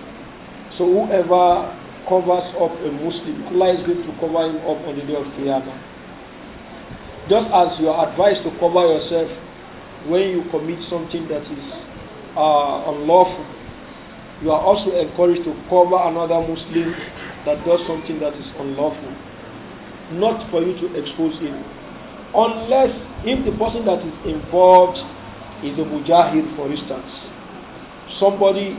So whoever covers up a Muslim, Allah is going to cover him up on the day of Qiyamah. Just as you are advised to cover yourself when you commit something that is uh, unlawful, you are also encouraged to cover another Muslim that does something that is unlawful. Not for you to expose him. Unless if the person that is involved is a mujahid, for instance, somebody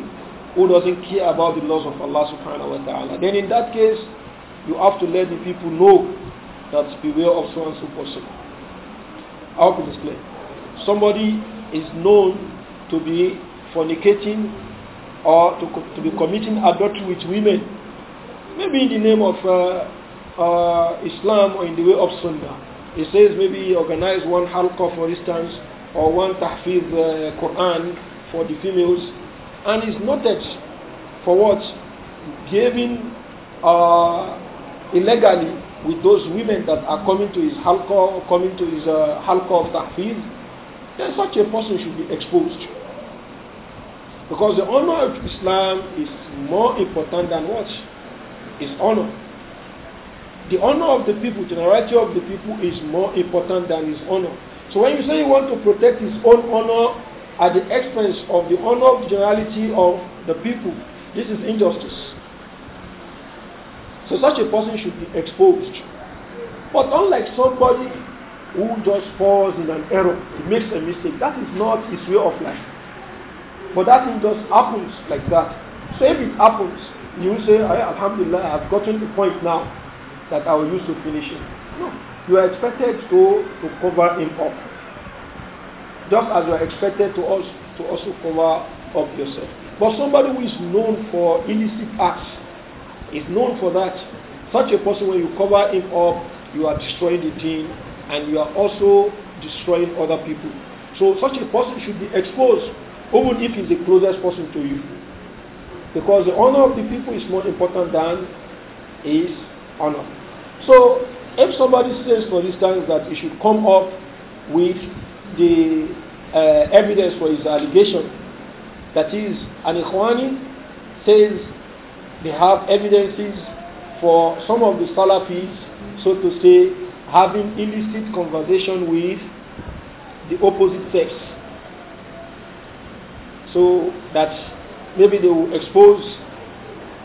who doesn't care about the laws of Allah subhanahu wa ta'ala, then in that case, you have to let the people know that beware of so and so person. I hope it is clear. Somebody is known to be fornicating or to, to be committing adultery with women, maybe in the name of uh, uh, Islam or in the way of Sunnah. It says maybe organize one halqa for instance or one tahfiz uh, Quran for the females and is noted for what? Behaving uh, illegally with those women that are coming to his halqa, coming to his uh, halqa of tahfiz, then such a person should be exposed. Because the honor of Islam is more important than what? Is honor. The honor of the people, the generality of the people is more important than his honor. So when you say you want to protect his own honor at the expense of the honor of the generality of the people, this is injustice. So such a person should be exposed. But unlike somebody who just falls in an error, he makes a mistake, that is not his way of life. But that thing just happens like that. So if it happens, you will say, hey, Alhamdulillah, I've gotten the point now that I will use to finish it. No. You are expected to, to cover him up. Just as you are expected to also, to also cover up yourself. But somebody who is known for illicit acts, is known for that. Such a person, when you cover him up, you are destroying the team, and you are also destroying other people. So such a person should be exposed, even if he's the closest person to you. Because the honor of the people is more important than his honor. So if somebody says, for instance, that he should come up with the uh, evidence for his allegation, that is, an Ikhwani says they have evidences for some of the Salafis, so to say, having illicit conversation with the opposite sex. So that maybe they will expose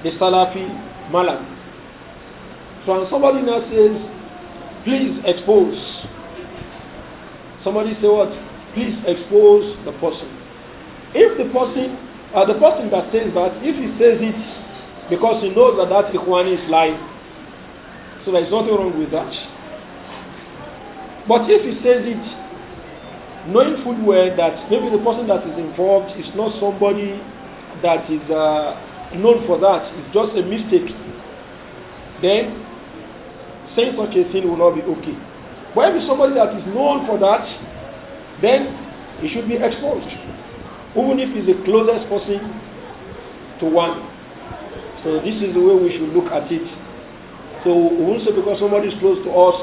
the Salafi Malam. So when somebody now says, please expose. Somebody say what? Please expose the person. If the person, uh, the person that says that, if he says it because he knows that that Ikhwani is lying. So there is nothing wrong with that. But if he says it, knowing full well that maybe the person that is involved is not somebody that is uh, known for that, it's just a mistake, then saying such a thing will not be okay. But if it's somebody that is known for that, then he should be exposed, even if he's the closest person to one. So this is the way we should look at it. So we won't say because somebody is close to us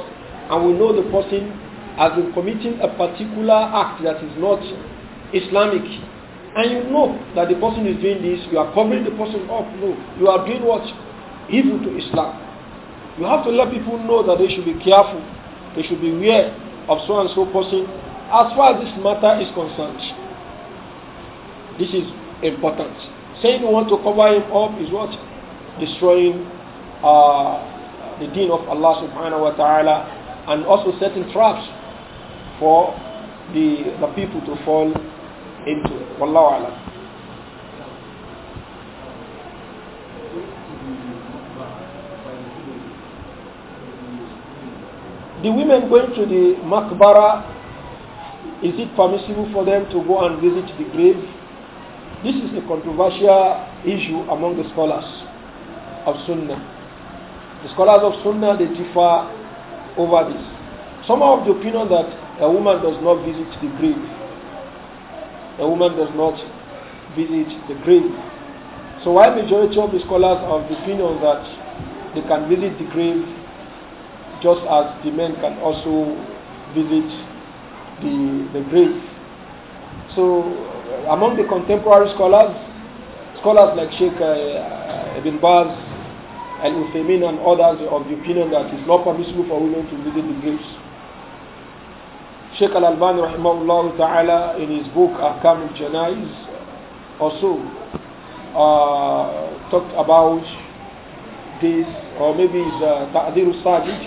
and we know the person has been committing a particular act that is not Islamic and you know that the person is doing this, you are covering the person up. No, you are doing what? Evil to Islam. You have to let people know that they should be careful. They should be aware of so and so person as far as this matter is concerned. This is important. Saying you want to cover him up is what? destroying uh, the deen of Allah subhanahu wa ta'ala and also setting traps for the, the people to fall into Wallahu alam. The women going to the Makbara, is it permissible for them to go and visit the grave? This is a controversial issue among the scholars of Sunnah. The scholars of Sunnah, they differ over this. Some are of the opinion that a woman does not visit the grave. A woman does not visit the grave. So while majority of the scholars are of the opinion that they can visit the grave just as the men can also visit the, the grave. So among the contemporary scholars, scholars like Sheikh uh, Ibn Baz, and uthaymin and others of the opinion that it's not permissible for women to visit the graves. Sheikh Al-Albani rahimahullah ta'ala in his book Ahkam al-Janaiz also uh, talked about this or maybe his Ta'dir uh, sajid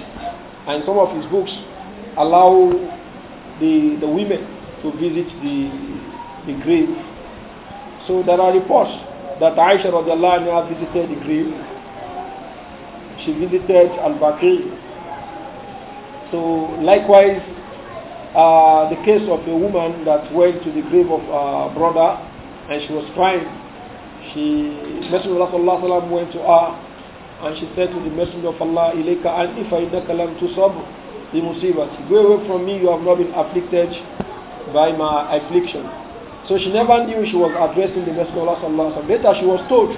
and some of his books allow the, the women to visit the, the grave. So there are reports that Aisha radiallahu anha visited the grave she visited Al-Baqi. So likewise, uh, the case of a woman that went to the grave of her brother and she was crying. She, Messenger of Allah went to her and she said to the Messenger of Allah, إِلَيْكَ أَنْتِ فَإِنَّكَ لَمْ تُصَبْ بِمُصِيبَةٍ Go away from me, you have not been afflicted by my affliction. So she never knew she was addressing the Messenger of Allah. Later she was told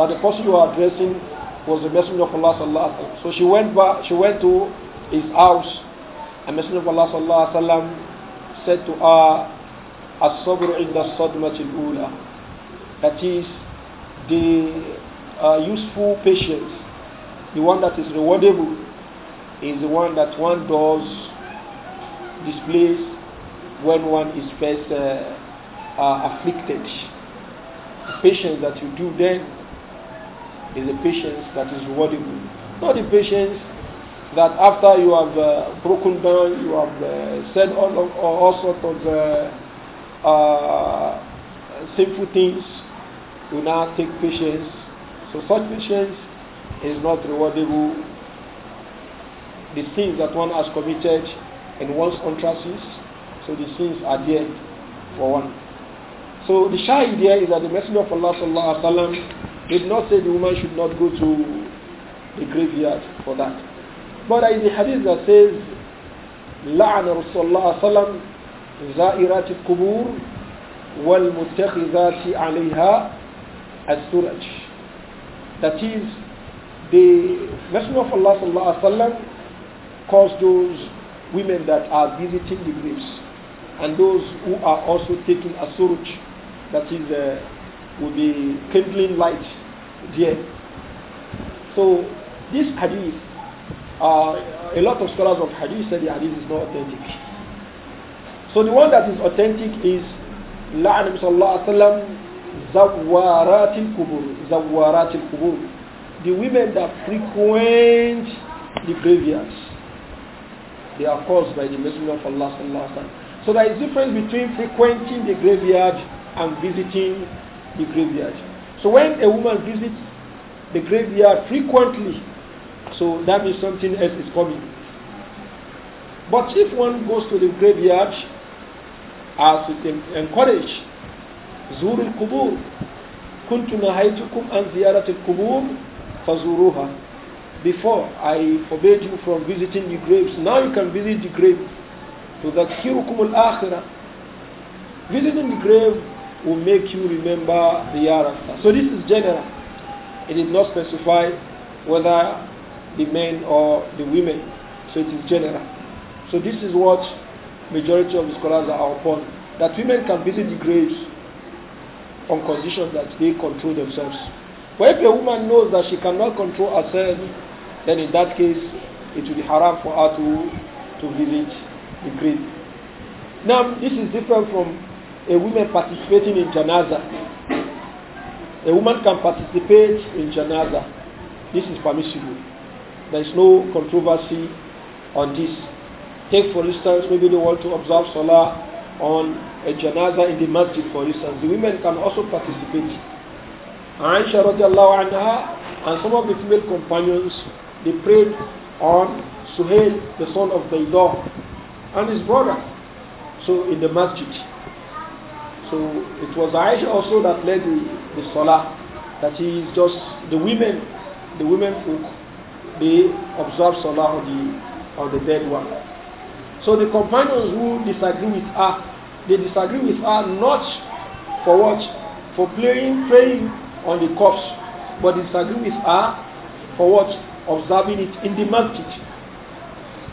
that the person you are addressing was the Messenger of Allah sallallahu alaihi wasallam. So she went back, she went to his house, and Messenger of Allah sallallahu alaihi wasallam said to her, "As-sabr inda sadmatil ula," that is the uh, useful patience, the one that is rewardable, is the one that one does displays when one is first uh, uh, afflicted. The patience that you do then is a patience that is rewardable. Not the patience that after you have uh, broken down, you have uh, said all, of, all sorts of uh, sinful things, you now take patience. So such patience is not rewardable. The sins that one has committed in one's consciences, so the sins are there for one. So the shy idea is that the Messenger of Allah sallallahu alaihi wasallam did not say the woman should not go to the graveyard for that. But there is a hadith that says, لعن رسول الله صلى الله عليه وسلم زائرات القبور والمتخذات عليها السرج. That is, the Messenger of Allah sallallahu alaihi calls those women that are visiting the graves and those who are also taking a suraj, that is, uh, will be kindling light there. So this hadith, uh, a lot of scholars of hadith say the hadith is not authentic. So the one that is authentic is لعن sallallahu alaihi wasallam زوارات القبور the women that frequent the graveyards they are caused by the messenger of Allah sallallahu alaihi wasallam so there is difference between frequenting the graveyard and visiting the graveyard so when a woman visits the graveyard frequently, so that means something else is coming. But if one goes to the graveyard, as it encourage, زور القبور كنت نهيتكم عن زيارة القبور Before I forbade you from visiting the graves, now you can visit the grave. kumul akhira, Visiting the grave will make you remember the year after. So this is general. It did not specify whether the men or the women. So it is general. So this is what majority of the scholars are upon. That women can visit the graves on condition that they control themselves. But if a woman knows that she cannot control herself, then in that case it will be haram for her to, to visit the grave. Now this is different from a woman participating in janaza. A woman can participate in janaza. This is permissible. There is no controversy on this. Take for instance, maybe they want to observe Salah on a janaza in the masjid for instance. The women can also participate. Aisha radiallahu anha and some of the female companions, they prayed on Suhail, the son of Baidah, and his brother. So in the masjid. So it was Aisha also that led the, the Salah. That is just the women, the women folk, they observe Salah on the, on the dead one. So the companions who disagree with her, they disagree with her not for what? For playing, praying on the corpse, but disagree with her for what? Observing it in the masjid.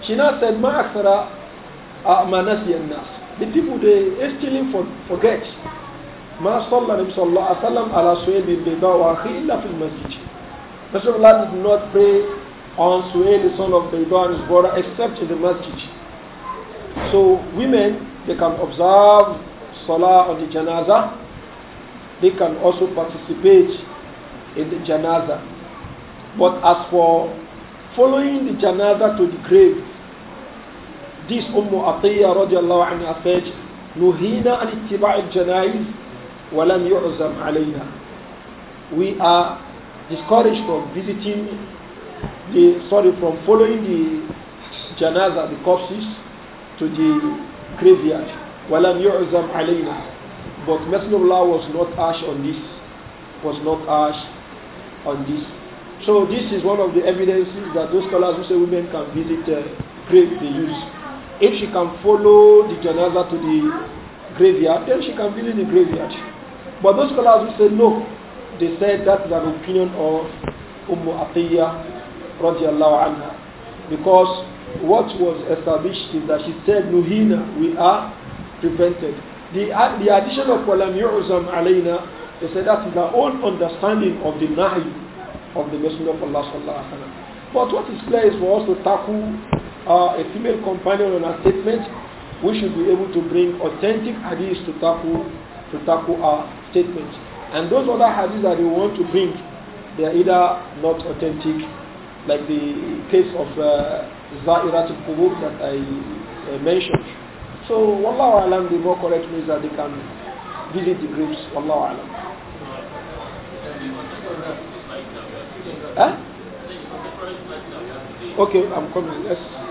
She now said, ما أكثر ما the people they hastily for, forget. ما صلى النبي صلى الله عليه وسلم على سويد البيضاء وأخي إلا في Rasulullah did not pray on the son of Baidah and his brother except in the masjid. So women, they can observe Salah on the Janazah. They can also participate in the Janazah. But as for following the Janazah to the grave, this Atiyah radiallahu said, We are discouraged from visiting the, sorry, from following the janaza, the corpses, to the graveyard. وَلَمْ يُعْزَمْ عَلَيْنَا But Messenger was not ash on this, was not ash on this. So this is one of the evidences that those scholars who say women can visit uh, grave they use. If she can follow the janaza to the graveyard, then she can be in the graveyard. But those scholars who say no, they said that is an opinion of Ummu Atiyah radiallahu anha. Because what was established is that she said, Nuhina, we are prevented. The, the addition of Walam Yu'zam alayna, they said that is our own understanding of the Nahi of the Messenger of Allah But what is clear is for us to tackle uh, a female companion on a statement, we should be able to bring authentic hadiths to tackle, to tackle our statement. And those other hadiths that we want to bring, they are either not authentic, like the case of uh, Za'irat uh, al that I uh, mentioned. So, Wallahu Alam, the more correct means that they can visit the graves. Wallahu Alam. Huh? Okay, I'm coming. Let's.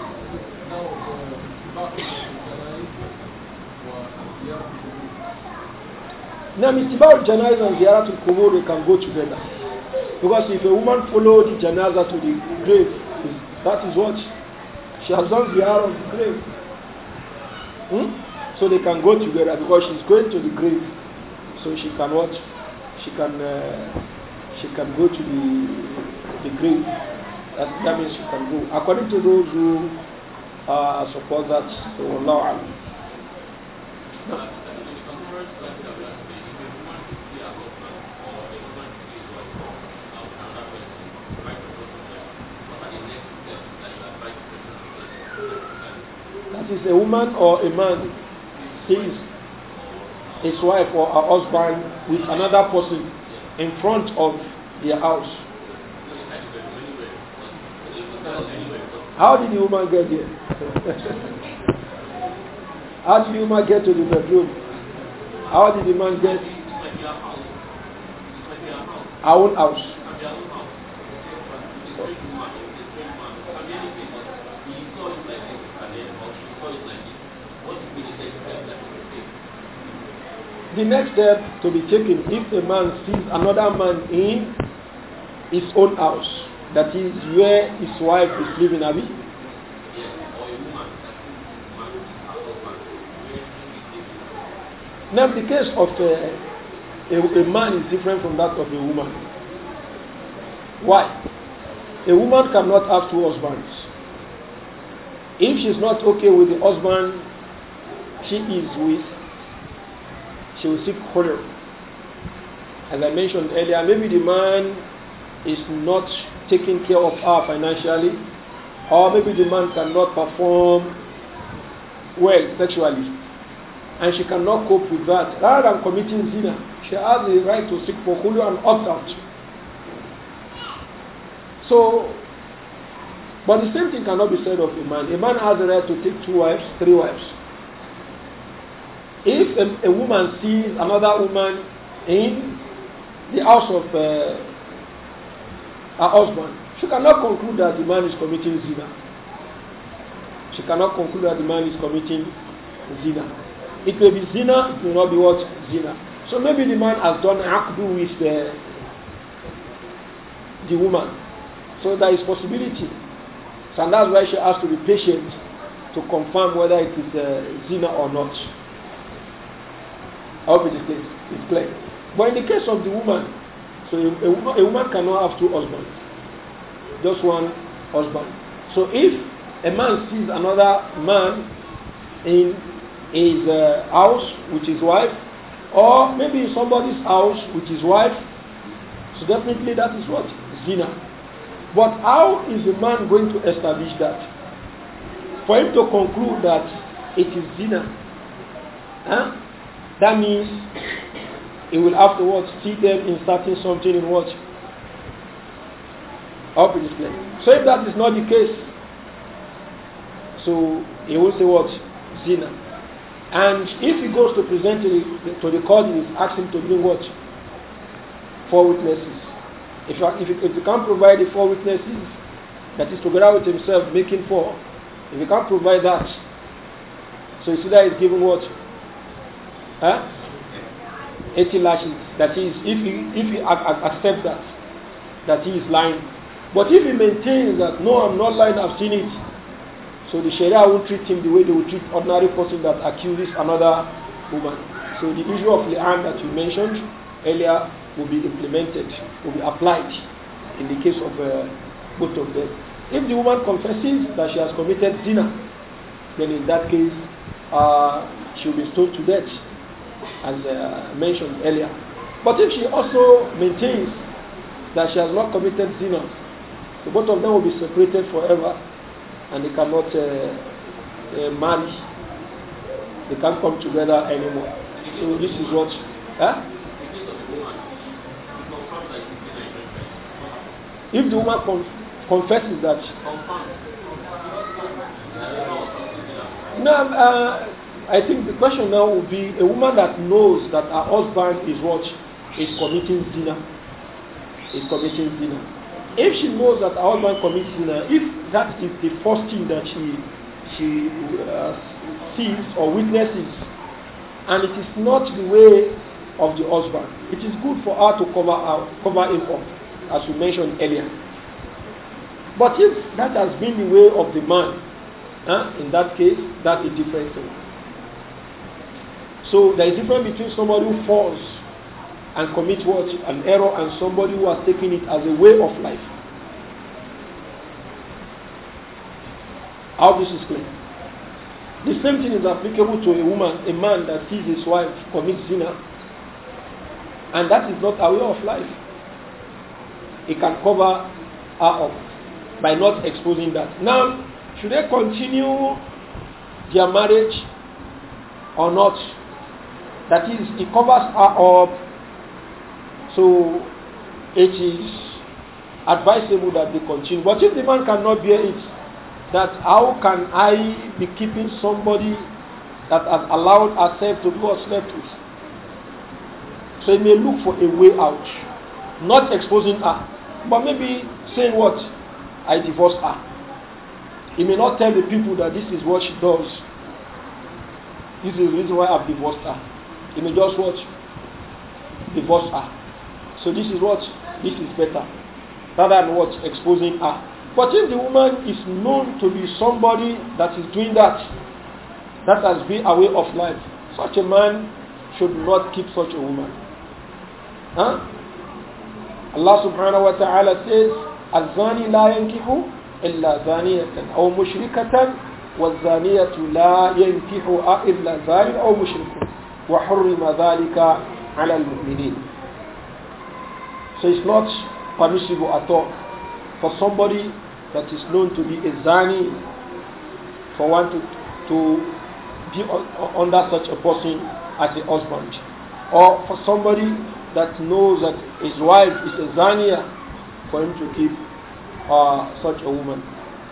Now, Mr. Janazah and Ziyarah to Kubur, they can go together. Because if a woman followed the Janazah to the grave, that is what? She has done Ziyarah of the grave. Hmm? So they can go together because she's going to the grave. So she can what? She can, uh, she can go to the, the grave. That, that means she can go. According to those who uh, I suppose that's So Allah. That is a woman or a man sees his wife or her husband with another person in front of their house. How did the woman get here? How did the woman get to the bedroom? How did the man get? Our own house. The next step to be taken if a man sees another man in his own house That is where his wife is living, Abi. Now the case of a, uh, a, a man is different from that of a woman. Why? A woman cannot have two husbands. If she's not okay with the husband she is with, she will seek quarrel. As I mentioned earlier, maybe the man is not taking care of her financially, or maybe the man cannot perform well sexually, and she cannot cope with that. Rather than committing zina, she has the right to seek for hulu and opt out. So, but the same thing cannot be said of a man. A man has the right to take two wives, three wives. If a, a woman sees another woman in the house of uh, her husband, she cannot conclude that the man is committing zina. She cannot conclude that the man is committing zina. It may be zina, it may not be what? Zina. So maybe the man has done akdu with the, the woman. So there is possibility. So and that's why she has to be patient to confirm whether it is uh, zina or not. I hope it is clear. It's clear. But in the case of the woman, so a, a woman cannot have two husbands, just one husband. So if a man sees another man in his uh, house with his wife, or maybe in somebody's house with his wife, so definitely that is what? Zina. But how is a man going to establish that? For him to conclude that it is zina, huh? that means he will afterwards see them starting something in what? Up in his place. So if that is not the case, so he will say what? Zina. And if he goes to present to the, to the court, he is asking to bring what? Four witnesses. If you, are, if, you, if you can't provide the four witnesses, that is together with himself, making four. If you can't provide that, so you see he's given what? Huh? 80 lashes. That is, if he, if he accepts that, that he is lying. But if he maintains that, no, I'm not lying, I've seen it, so the Sharia won't treat him the way they would treat ordinary person that accuses another woman. So the issue of li'an that you mentioned earlier will be implemented, will be applied in the case of uh, both of them. If the woman confesses that she has committed zina, then in that case uh, she will be stoned to death as uh, mentioned earlier. But if she also maintains that she has not committed zina, the both of them will be separated forever and they cannot uh, uh, marry. They can't come together anymore. So this is what. Huh? If the woman con confesses that. No, uh, I think the question now would be a woman that knows that her husband is what is committing zina, is committing zina. If she knows that her husband commits zina, if that is the first thing that she she uh, sees or witnesses, and it is not the way of the husband, it is good for her to cover her, cover him up, as we mentioned earlier. But if that has been the way of the man, in that case, that's a different thing. So there is a difference between somebody who falls and commits what? An error and somebody who has taken it as a way of life. How this is clear. The same thing is applicable to a woman, a man that sees his wife commit sin, And that is not a way of life. He can cover her up by not exposing that. Now, should they continue their marriage or not? That is, it covers her up. So it is advisable that they continue. But if the man cannot bear it, that how can I be keeping somebody that has allowed herself to do a slept with? So he may look for a way out, not exposing her, but maybe saying what? I divorce her. He may not tell the people that this is what she does. This is the reason why I've divorced her. He may just watch divorce her. So this is what this is better rather than what exposing her. But if the woman is known to be somebody that is doing that, that has been a way of life, such a man should not keep such a woman. Huh? Allah subhanahu wa ta'ala says, الزاني لا ينكح إلا زانية أو مشركة والزانية لا ينكحها إلا زاني أو وحرم ذلك على المؤمنين so it's not permissible at all for somebody that is known to be a zani for one to, to be under such a person as a husband or for somebody that knows that his wife is a zania for him to keep uh, such a woman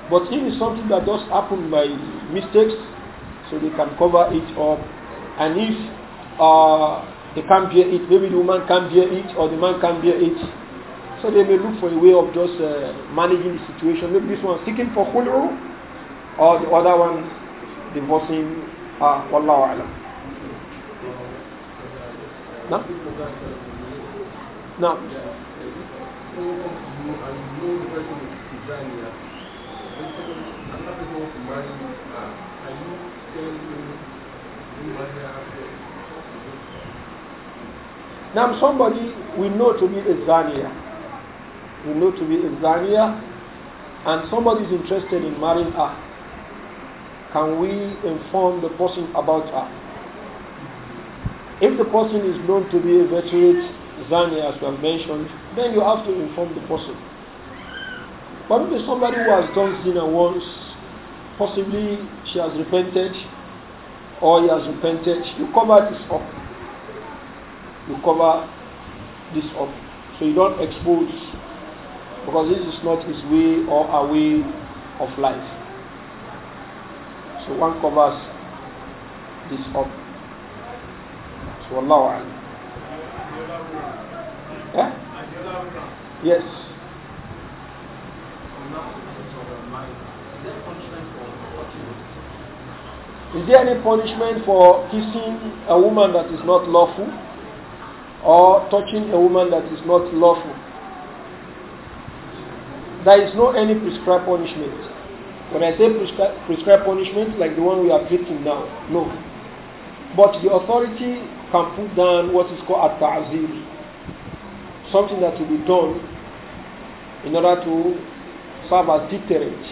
but if it's something that does happen by mistakes so they can cover it up and if or uh, they can't bear it. Maybe the woman can't bear it or the man can't bear it. So they may look for a way of just uh, managing the situation. Maybe this one seeking for khul'u or the other one divorcing uh, Wallahu Alam. No? No. Thank you. Now somebody we know to be a Zania. We know to be a Zania and somebody is interested in marrying her. Can we inform the person about her? If the person is known to be a veteran Zania as we have mentioned, then you have to inform the person. But if somebody who has done zina once, possibly she has repented or he has repented, you cover this up you cover this up. So you don't expose because this is not his way or a way of life. So one covers this up. So Allah. Yeah? Yes. Is there any punishment for kissing a woman that is not lawful? or touching a woman that is not lawful. There is no any prescribed punishment. When I say prescri prescribed punishment, like the one we are facing now, no. But the authority can put down what is called a ta'zir, something that will be done in order to serve as deterrent,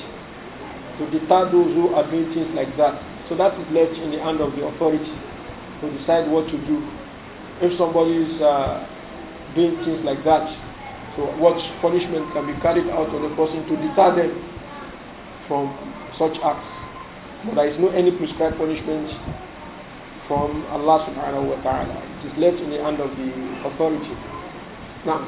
to deter those who are doing things like that. So that is left in the hand of the authority to decide what to do if somebody is uh, doing things like that, so what punishment can be carried out on the person to deter them from such acts? But there is no any prescribed punishment from Allah subhanahu wa ta'ala. It is left in the hand of the authority. Now,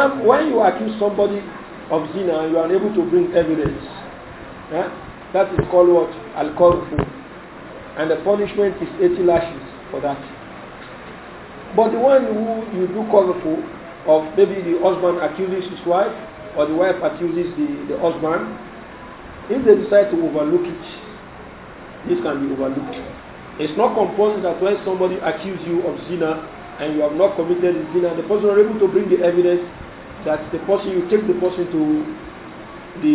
Now, when you accuse somebody of zina, you are able to bring evidence. Eh? That is called what? al -Qurfu. And the punishment is 80 lashes for that. But the one who you do qurfu of maybe the husband accuses his wife or the wife accuses the, the husband, if they decide to overlook it, this can be overlooked. It's not compulsory that when somebody accuses you of zina and you have not committed zina, the person is able to bring the evidence that the person you take the person to the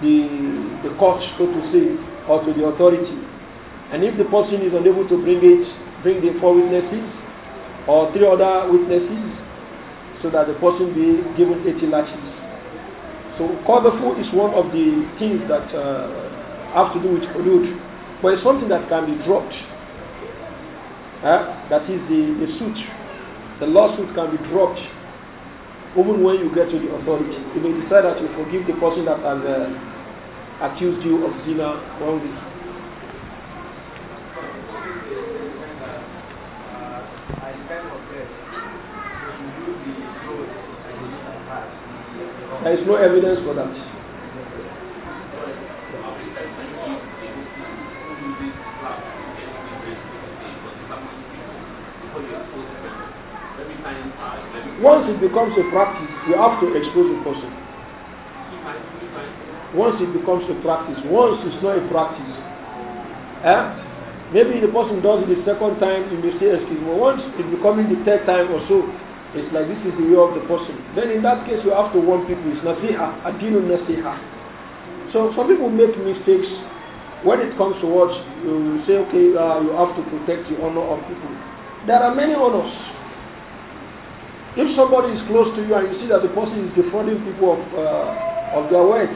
the the court so to say or to the authority and if the person is unable to bring it bring the four witnesses or three other witnesses so that the person be given 80 lashes so qadhafu is one of the things that uh, have to do with hudud but it's something that can be dropped uh, that is the, the suit the lawsuit can be dropped even when you get to the authority. You may decide that you forgive the person that has uh, accused you of zina wrongly. There is no evidence for that. Every time I once it becomes a practice, you have to expose the person. Once it becomes a practice, once it's not a practice, eh? maybe the person does it the second time, you may say, excuse me, once it becoming the third time or so, it's like this is the way of the person. Then in that case, you have to warn people, it's nasiha, adinu nasiha. So some people make mistakes when it comes to you say, okay, uh, you have to protect the honor of people. There are many honors. If somebody is close to you and you see that the person is defrauding people of, uh, of their wealth,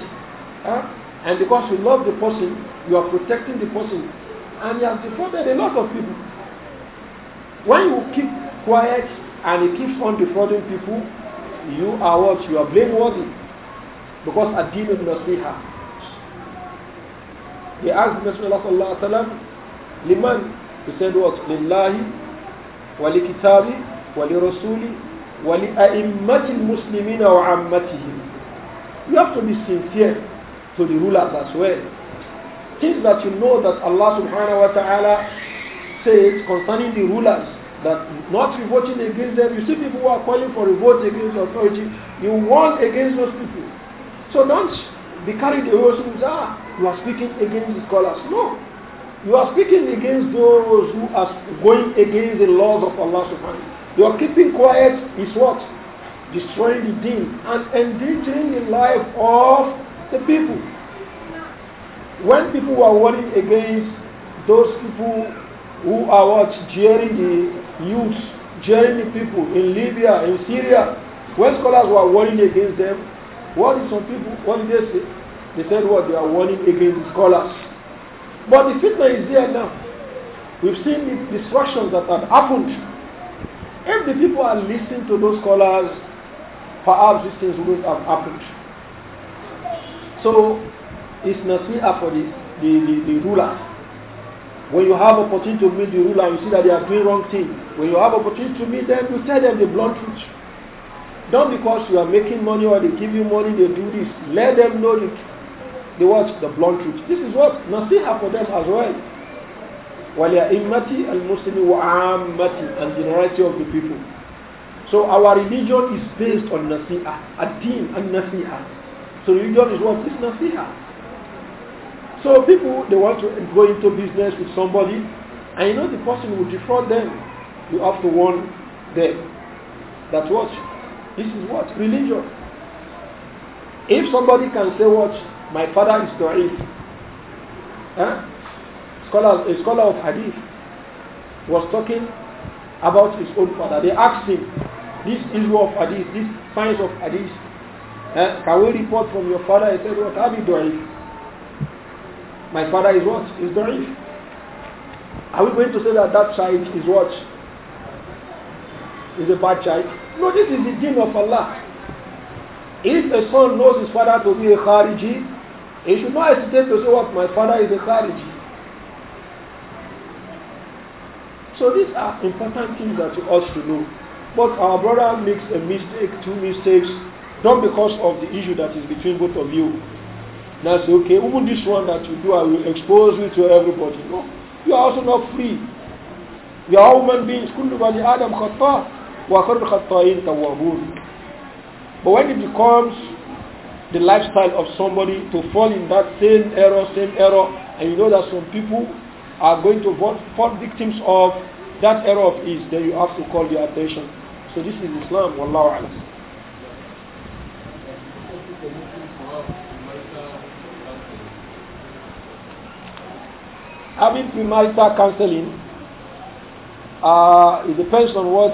huh? and because you love the person, you are protecting the person, and he has defrauded a lot of people. When you keep quiet and he keeps on defrauding people, you are what? You are blameworthy. Because Adin be Nasiha. He asked the Messenger of Allah, Liman, he said what? Lillahi, wa li kitabi, wa rasuli, وَلِأَئِمَّةِ الْمُسْلِمِينَ وَعَمَّتِهِمْ You have to be sincere to the rulers as well. Things that you know that Allah subhanahu wa ta'ala says concerning the rulers that not revolting against them. You see people who are calling for revolt against authority. You warn against those people. So don't be carried away with ah, you are speaking against the scholars. No. You are speaking against those who are going against the laws of Allah subhanahu wa ta'ala. Your keeping quiet is what? Destroying the deen and endangering the life of the people. When people were warning against those people who are what? Jeering the youth, jeering the people in Libya, in Syria, when scholars were warning against them, what did some people, what did they say? They said what they are warning against the scholars. But the fitna is there now. We've seen the destructions that have happened if the people are listening to those scholars, perhaps these things wouldn't have happened. So it's nasiha for the, the, the, the ruler. When you have opportunity to meet the ruler, you see that they are doing wrong thing. When you have opportunity to meet them, you tell them the blunt truth. Not because you are making money or they give you money, they do this. Let them know the, the what? The blunt truth. This is what nasiha for them as well. وَلِيَئِمَّةِ الْمُسْلِمِ وَعَامَّةِ And the majority of the people. So our religion is based on nasi'ah, ad and nasi'ah. So religion is what is nasi'ah. So people, they want to go into business with somebody and you know the person will defraud them. You have to warn them that what? This is what? Religion. If somebody can say what? My father is da'if. Huh? scholar, a scholar of hadith, was talking about his own father. They asked him, this issue of hadith, this science of hadith, eh, can we report from your father? He said, what, Abi Da'if. My father is what? Is doing? Are we going to say that that child is what? Is a bad child? No, this is the deen of Allah. If a son knows his father to be a Khariji, he should not hesitate to say what my father is a Khariji. So these are important things that you ought to know. But our brother makes a mistake, two mistakes, not because of the issue that is between both of you. Now say, okay, even this one that you do, I will expose you to everybody. No, you are also not free. We are human beings. But when it becomes the lifestyle of somebody to fall in that same error, same error, and you know that some people are going to fall victims of that error of ease, then you have to call their attention. So this is Islam, Wallahu Alam. Having premarital counseling, uh, it depends on what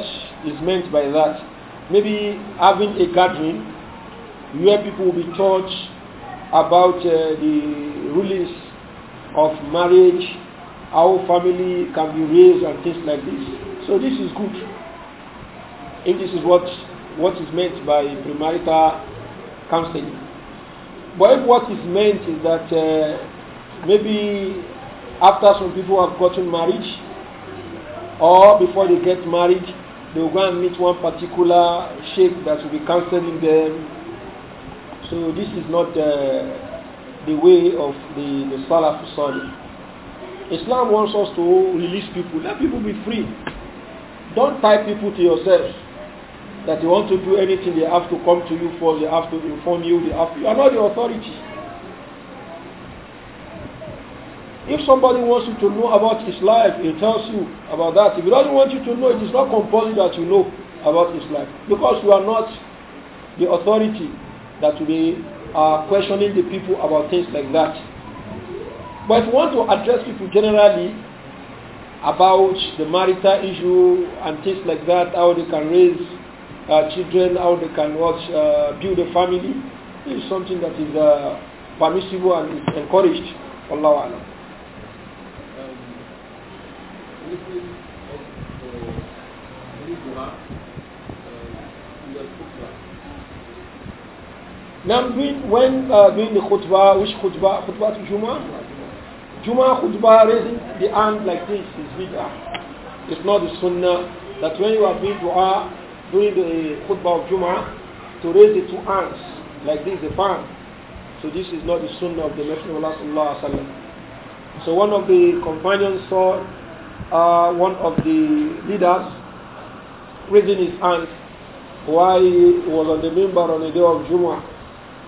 is meant by that. Maybe having a gathering where people will be taught about uh, the rules of marriage, how family can be raised and things like this. So this is good. If this is what what is meant by premarital counseling. But if what is meant is that uh, maybe after some people have gotten married or before they get married, they will go and meet one particular sheikh that will be counseling them. So this is not uh, the way of the, the Salaf Salih. Islam wants us to release people. Let people be free. Don't tie people to yourselves. that they want to do anything they have to come to you for, they have to inform you, they have to, you are not the authority. If somebody wants you to know about his life, he tells you about that. If he doesn't want you to know, it is not compulsory that you know about his life because you are not the authority that we are questioning the people about things like that. But if want to address people generally about the marital issue and things like that, how they can raise uh, children, how they can watch, uh, build a family, is something that is uh, permissible and is encouraged. Allah Alam. Um, uh, uh, now, when uh, doing the khutbah, which khutbah? Khutbah to Jum'ah? Juma khutbah raising the hand like this is bid'ah. It's not the sunnah that when you are doing dua during the khutbah of Juma to raise the two hands like this, the palm. So this is not the sunnah of the Messenger of Allah sallallahu So one of the companions saw uh, one of the leaders raising his hands while he was on the member on the day of Juma,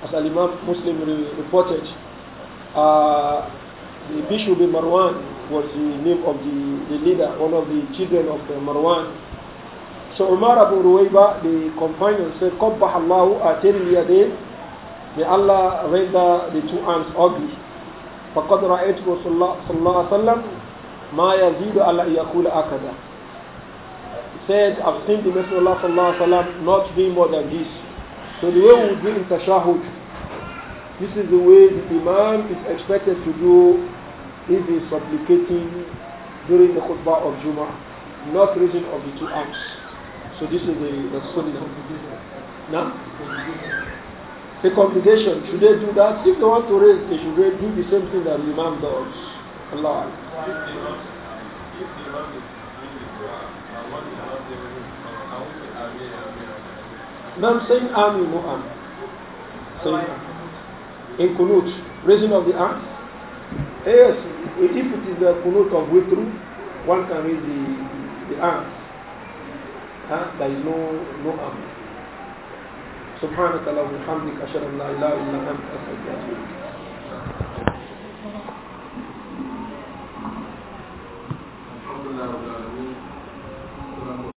as Al Imam Muslim reported. Uh, the Bishop Marwan was the name of the, the leader, one of the children of uh, Marwan. So Umar Abu Ruwayba, the companion, said, قَبَّحَ اللَّهُ أَتِرْنِيَ May Allah render the two arms ugly. فَقَدْ رَأَيْتُ رَسُولَ صلى الله عليه وسلم مَا يَزِيدُ أَلَّا يَقُولَ أَكَدَ said, I've seen the Messenger of Allah وسلم, not doing more than this. So the way we do in tashahud, this is the way the Imam is expected to do if he is supplicating during the khutbah of Juma, not raising of the two arms. So this is the, the sunnah. Now, the congregation, should they do that? If they want to raise, they should do the same thing that the Imam does. Allah. Now I'm saying Amin, no Amin. Saying, in Kunut, raising of the arms. Yes, if it is the note of way through, one can read the, the hands. There is no, no arm. سبحانك اللهم وبحمدك أشهد أن